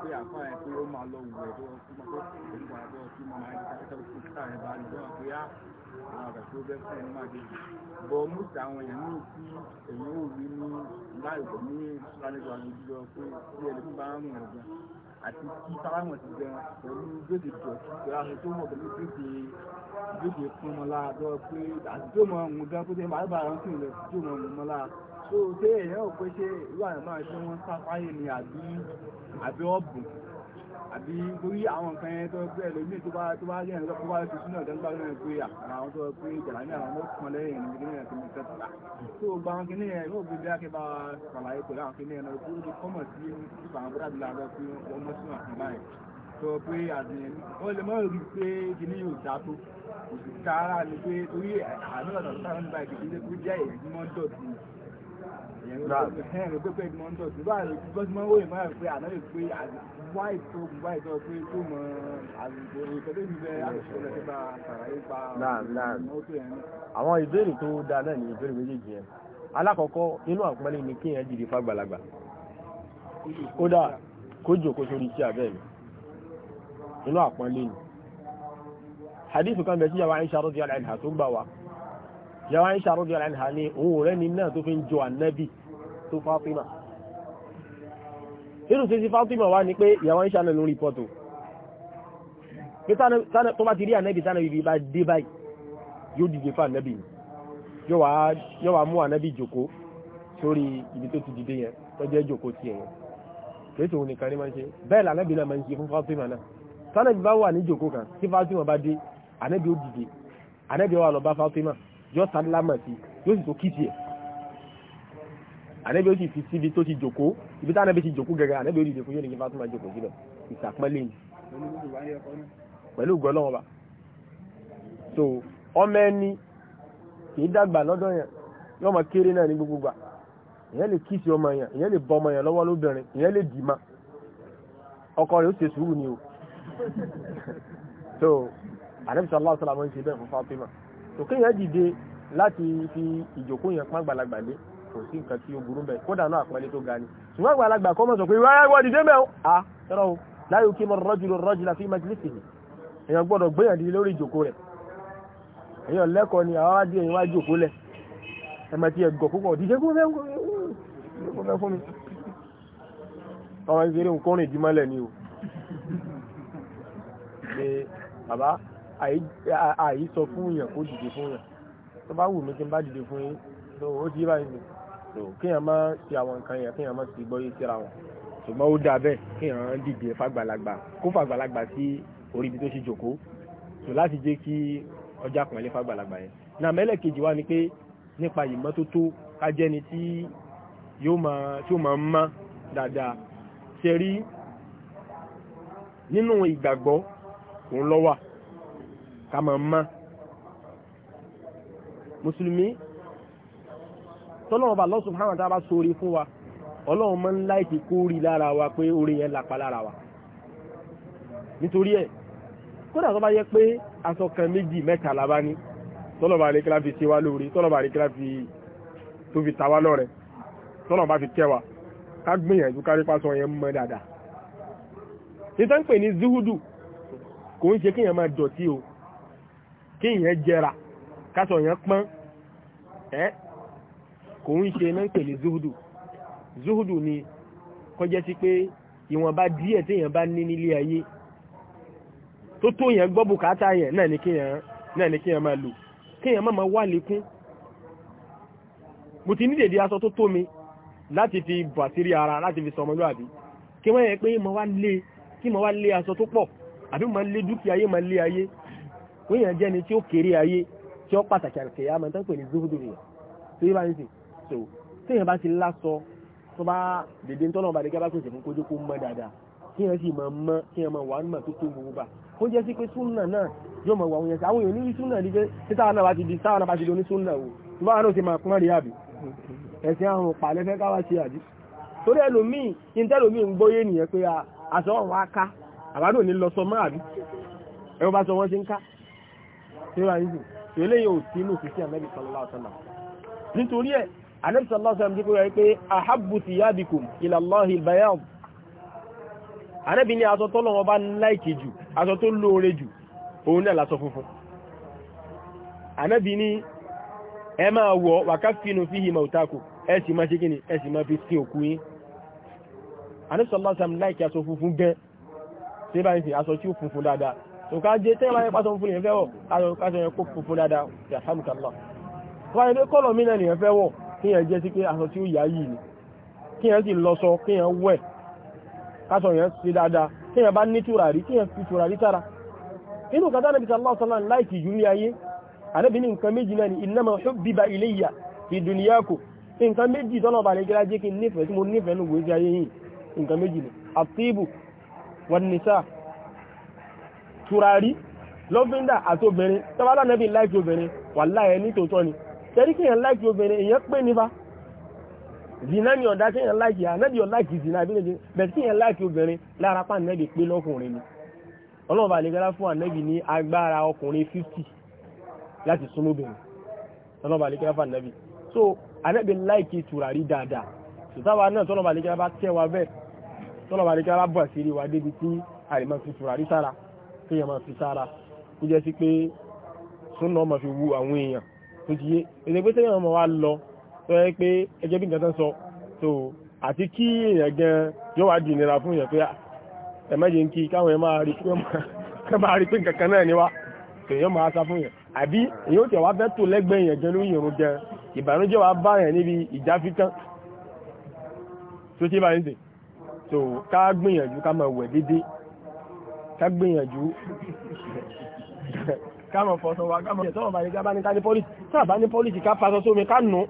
pé àpá ẹ pé ó máa lọ wùwẹ̀ tó ọkùnrin tó ń gbà tó ọkùnrin máa ń kẹ́kẹ́ tó kíkà rẹ̀ bá lè dọ́wọ́ pé á àwọn àgbà tó bẹ́ fún ẹni máa dé. bọ̀ mùsà àwọn èèyàn ní tí èèyàn ò rí ní láìpẹ́ ní ìsúlálẹ́gbàá àti kí sálámọ̀ ti jẹun pẹ̀lú gbèsè dọ̀tí pẹ̀lú aṣọ tó wọ̀ pẹ̀lú gbèsè gbèsè fún ọmọ lára tó pé àti tó mọ ohun gan pété màá bá àwọn kìnìún tó mọ ohun mọ tó ṣé èèyàn ò pé ṣé irú àyàn máa wọn sáfáyé ni àbí àbí ọ̀bùn àbí torí àwọn nǹkan yẹn tó pé ẹlòmíì tó bá tó bá yẹn tó bá ti súnà ìdánilá náà pé àwọn tó pé ìjàlá ní àwọn ọmọ lẹ́yìn ìgbìmọ̀ yẹn tó ń tẹ̀ tà tó gba àwọn kìnìún yẹn yóò gbé bí akẹ́bà ṣàlàyé pẹ̀lú àwọn kìnìún yẹn lọ pé ó ti kọ́mọ̀ sí ìfà àwọn búrádì lára pé wọ́n mọ́ sínú àti báyìí tó pé àdìyẹn ó lè mọ́ rí pé kìnìún yóò dá tó kò sì ni pé torí àdúrà tó àwọn ìbéèrè tó dáa náà ní ìbéèrè méjèèjì yẹn alákọ̀ọ́kọ́ inú àpẹẹrẹ ni kí èèyàn dìde fàgbàlagbà kódà kó jòkó sórí iṣẹ́ abẹ́ mi inú àpẹẹrẹ ni hadith kan bẹ sí àwọn Aisha radiyallahu anha tó gbà wá yàrá ń ṣàròbí ara ẹni hà ní òun rẹ ni náà tó fi ń jọ ànábì tó Fátímà nínú sí sí Fátímà wá ní pé yàrá ń ṣàròbí lórí pọ́tò pé tó bá ti rí ànábì tánàbì bí bá dé báyìí yóò dìde fún ànábì yóò wá mú ànábì jókòó sórí ibi tó ti dìde yẹn tó jẹ́ jókòó tiẹ̀ yẹn kìí tòun nìkan ní máa ń ṣe bẹ́ẹ̀ là náà máa ń ṣe fún Fátímà náà tánàbì bá wà ní jókòó kan tí Fátímà bá dé ànábì ó dìde ànábì ó wà lọ bá Fátímà yóò sálámà sí yóò sì tó kíìsì ẹ̀ ànábì ó sì fi síbi tó ti jòkó ibi tí ànábì ti jòkó gẹ́gẹ́ ànábì ó dìde fún yóò ní kí Fátímà jòkó sílẹ̀ ìsàpẹ́lẹ̀ yìí pẹ̀lú gọlọ́wọ́n ba so ọmọ ẹni kìí dàgbà lọ́dọ̀ yẹn yóò máa kéré náà ní gbogbo gbà ìyẹn lè kíìsì ọmọ yẹn ìyẹn lè bọ ọmọ yẹn lọ́wọ́ lóbìnrin ìyẹn lè dì ma ọkọ rẹ̀ ó ṣe sùúrù ni o so ànábì sallallahu alaihi wasallam ń ṣe bẹ́ẹ̀ fún Fátímà kéèyàn dìde láti fi ìjòkó yẹn pọ́n àgbàlagbà lé kò sí nǹkan tí ó burú bẹ́ẹ̀ kódà náà àpọ́nlé tó ga ni ṣùgbọ́n àgbàlagbà kọ́ mọ̀ sọ pé wáyé wọ́n dìde mẹ́wọ́ à tọ́rọ o láyé kí mọ̀rọ̀ rọ́jù lọ rọ́jù láti májìlísì ni èèyàn gbọ́dọ̀ gbéyàn dìde lórí ìjòkó rẹ̀ èèyàn lẹ́kọ̀ọ́ ni àwọn adìẹ yẹn wá jòkó lẹ̀ ẹ máa ti ẹ̀gọ̀ púpọ̀ dìde kó fẹ́ fún mi ọmọ ìṣeré nǹkan rìn dì mọ́lẹ̀ ni o ṣe bàbá àyí sọ fún yàn kó dìde fún yàn tó bá wù mí kí n bá dìde fún yín tó ó ti báyìí nù tó kéèyàn má ṣe àwọn nǹkan yẹn kéèyàn má ti gbọ́ yé síra wọn ṣùgbọ́n ó dáa bẹ́ẹ̀ kéèyàn dìde fàgbàlagbà kó fàgbàlagbà sí orí ibi tó ṣe jòkó tó láti jẹ́ kí ọjà pọ̀nlé fàgbàlagbà yẹn náà mẹ́lẹ̀kejì wá ni pé nípa ìmọ́tótó ká jẹ́ni tí yóò máa tí ó máa ń má dáadáa ṣe rí nínú ìgbàgbọ́ òun lọ́wà Kama máa mọ́ mùsùlùmí tọ́lọ́wọ́ba Allah subhanahu wa ta'ala bá sórí fún wa ọlọ́run mọ́ ńlá ìtì kó rí lára wa pé orí yẹn lápá lára wa nítorí ẹ̀ kódà tó bá yẹ pé aṣọ kan méjì mẹ́ta lábá ní tọ́lọ́ba àríkílá fi ṣe wá lórí tọ́lọ́ba àríkílá tó fi tàwá lọ́rẹ̀ tọ́lọ́ba fi kẹwàá ká gbìyànjú kárí pásọ yẹn mọ́ dáadáa ní tán pè ní zuhudu kò ń ṣe kéèyàn máa dọ̀tí o kí ìyẹn jẹra kásọ̀ yẹn pọ́n ẹ́ kò ń ṣe náà pèlè zuhudu zuhudu ni kọjá sí pé ìwọ̀nba díẹ̀ tí èèyàn bá ní nílé ayé tó tó yẹn gbọ́ bùkátà yẹn náà ni kíyàn náà ni kíyàn máa lò kíyàn máa máa wà lékún mo ti ní dèdè aṣọ tó tó mi láti fi bàtírí ara láti fi sọmọlúàbí kí wọ́n yẹ pé mo wá lé kí mo wá lé aṣọ tó pọ̀ àbí mo máa lé dúkìá ayé máa lé ayé kéèyàn jẹ́ ni tí ó kéré ayé tí ó pàtàkì àkèyà àmọ́ tó ń pè ní zuhudu rẹ̀ bá ń sìn so téèyàn bá ti lásọ tó bá dèdè tọ́lọ̀ bá dégá bá pèsè fún kójú kó mọ́ dáadáa kéèyàn sì máa mọ́ kéèyàn máa wà nímọ̀ tó tó gbogbo bá ó jẹ́ sí pé súnà náà yóò máa wà wọ́n yẹn sí àwọn èèyàn ní súnà ní pé títà náà bá ti di táwọn náà bá ti di onísúnà o tó bá náà ti máa pọ́n rí àbí ẹ̀sìn àrùn pàlẹ́ fẹ́ káwá ṣe àbí torí ẹlòmíì ìtẹ́lòmíì ń gbóyè nìyẹn pé àṣọ ah, ọ̀run á ká àbádò ní lọ sọ mọ́ àbí ẹ̀rọ bá sọ wọ́n ṣe ń ká síra ìsìn tí ó léyìn òsì inú sí sí ànábì sallallahu alaihi wasallam nítorí ẹ̀ ànábì sallallahu alaihi wasallam jẹ́ kó yẹ pé ahabbu thiyabikum ila Allahi al-bayad ànábì ní aṣọ tó lọ́wọ́ bá láìkì jù aṣọ tó lóore jù òun náà láṣọ funfun ànábì ní ẹ máa wọ̀ wa kaffinu fihi mawtakum ẹ sì máa ṣe kíni ẹ sì máa fi sí òkú yín ànábì sallallahu alaihi wasallam láìkì aṣọ funfun gẹ́ sí báyìí aṣọ tí ó funfun dáadáa tó ká jẹ tẹ́lá yẹn pásọ fún ìyẹnfẹ́ wọ̀ káṣọ yẹn kó funfun dáadáa alhamdulillah tó wáyé pé kọ́lọ̀ mí náà nìyẹn fẹ́ wọ̀ kí yẹn jẹ́ sí pé aṣọ tí ó yá yìí ni kí yẹn sì lọ sọ kí yẹn wẹ̀ káṣọ yẹn sí dáadáa kí yẹn bá ní tùràrí kí yẹn fi tùràrí sára inú kan tánàbí sallallahu alaihi wasallam láìkì jù ní ayé àdébí ní nǹkan méjì náà ni innama hubbiba ilayya fi dunyakum nǹkan méjì tọ́nà ọba àlejò ajé kí n nífẹ̀ẹ́ tí tùràrí lọ́fíńdà àtòbìnrin tọ́bátà nẹ́bí láìkì obìnrin wà láyẹ ní tòótọ́ ni tẹ́rí kí èèyàn láìkì obìnrin èèyàn pé nípa zina ni ọ̀dá kí èèyàn láìkì ànẹ́bí ọ̀láìkì zina bí lóde bẹ̀rẹ̀ kí èèyàn láìkì obìnrin lára pa ànẹ́bí pé lọ́kùnrin ni ọlọ́run lè gẹ́lá fún ànẹ́bí fifty láti súnmọ́ obìnrin ọlọ́run bá lè gẹ́lá so ànẹ́bí láìkì tùràrí dáadáa sùtáwà náà tọ́lọ́run bá lè gẹ́lá bá tẹ́ wa bẹ́ẹ̀ tọ́lọ́run bá lè gẹ́lá bọ̀ sí kéèyàn máa fi sára kó jẹ́ sí pé súnà máa fi wu àwọn èèyàn tó ti yé èdè pé sẹ́yìn ọmọ wa lọ tó yẹ pé ẹjẹ́ bí nǹkan tán sọ tó àti kí èèyàn gan yóò wá di ìnira fún èèyàn pé ẹ̀mẹ́jẹ̀ ń kí káwọn èèyàn máa rí pé kán máa rí pé nǹkan náà ni wá èèyàn máa sá fún yẹn àbí èèyàn ó tẹ̀ wá fẹ́ tó lẹ́gbẹ̀ẹ́ yẹn gan lórí ìrún gan ìbànújẹ́ wa bá yẹn níbi ìjáfítán tó ti bá yẹn sè so ká gbìyànjú ká máa wẹ̀ déédéé ká gbìyànjú káàmọ̀ fọ́sọ́ wa káàmọ̀ ìyẹ̀tọ́ ọ̀bá ní ká bá ní ká ní pọ́lìtì tá bá ní pọ́lìtì ká fasọ sómi ká nù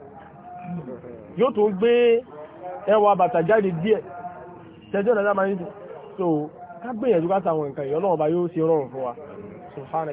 yóò tó gbé ẹwà bàtà jáde díẹ̀ tẹjọ́ ìdájá máa ń dùn so ká gbìyànjú ká tàwọn nǹkan ìyọ́lọ́ọ̀bá yóò ṣe rọrùn fún wa so fáànà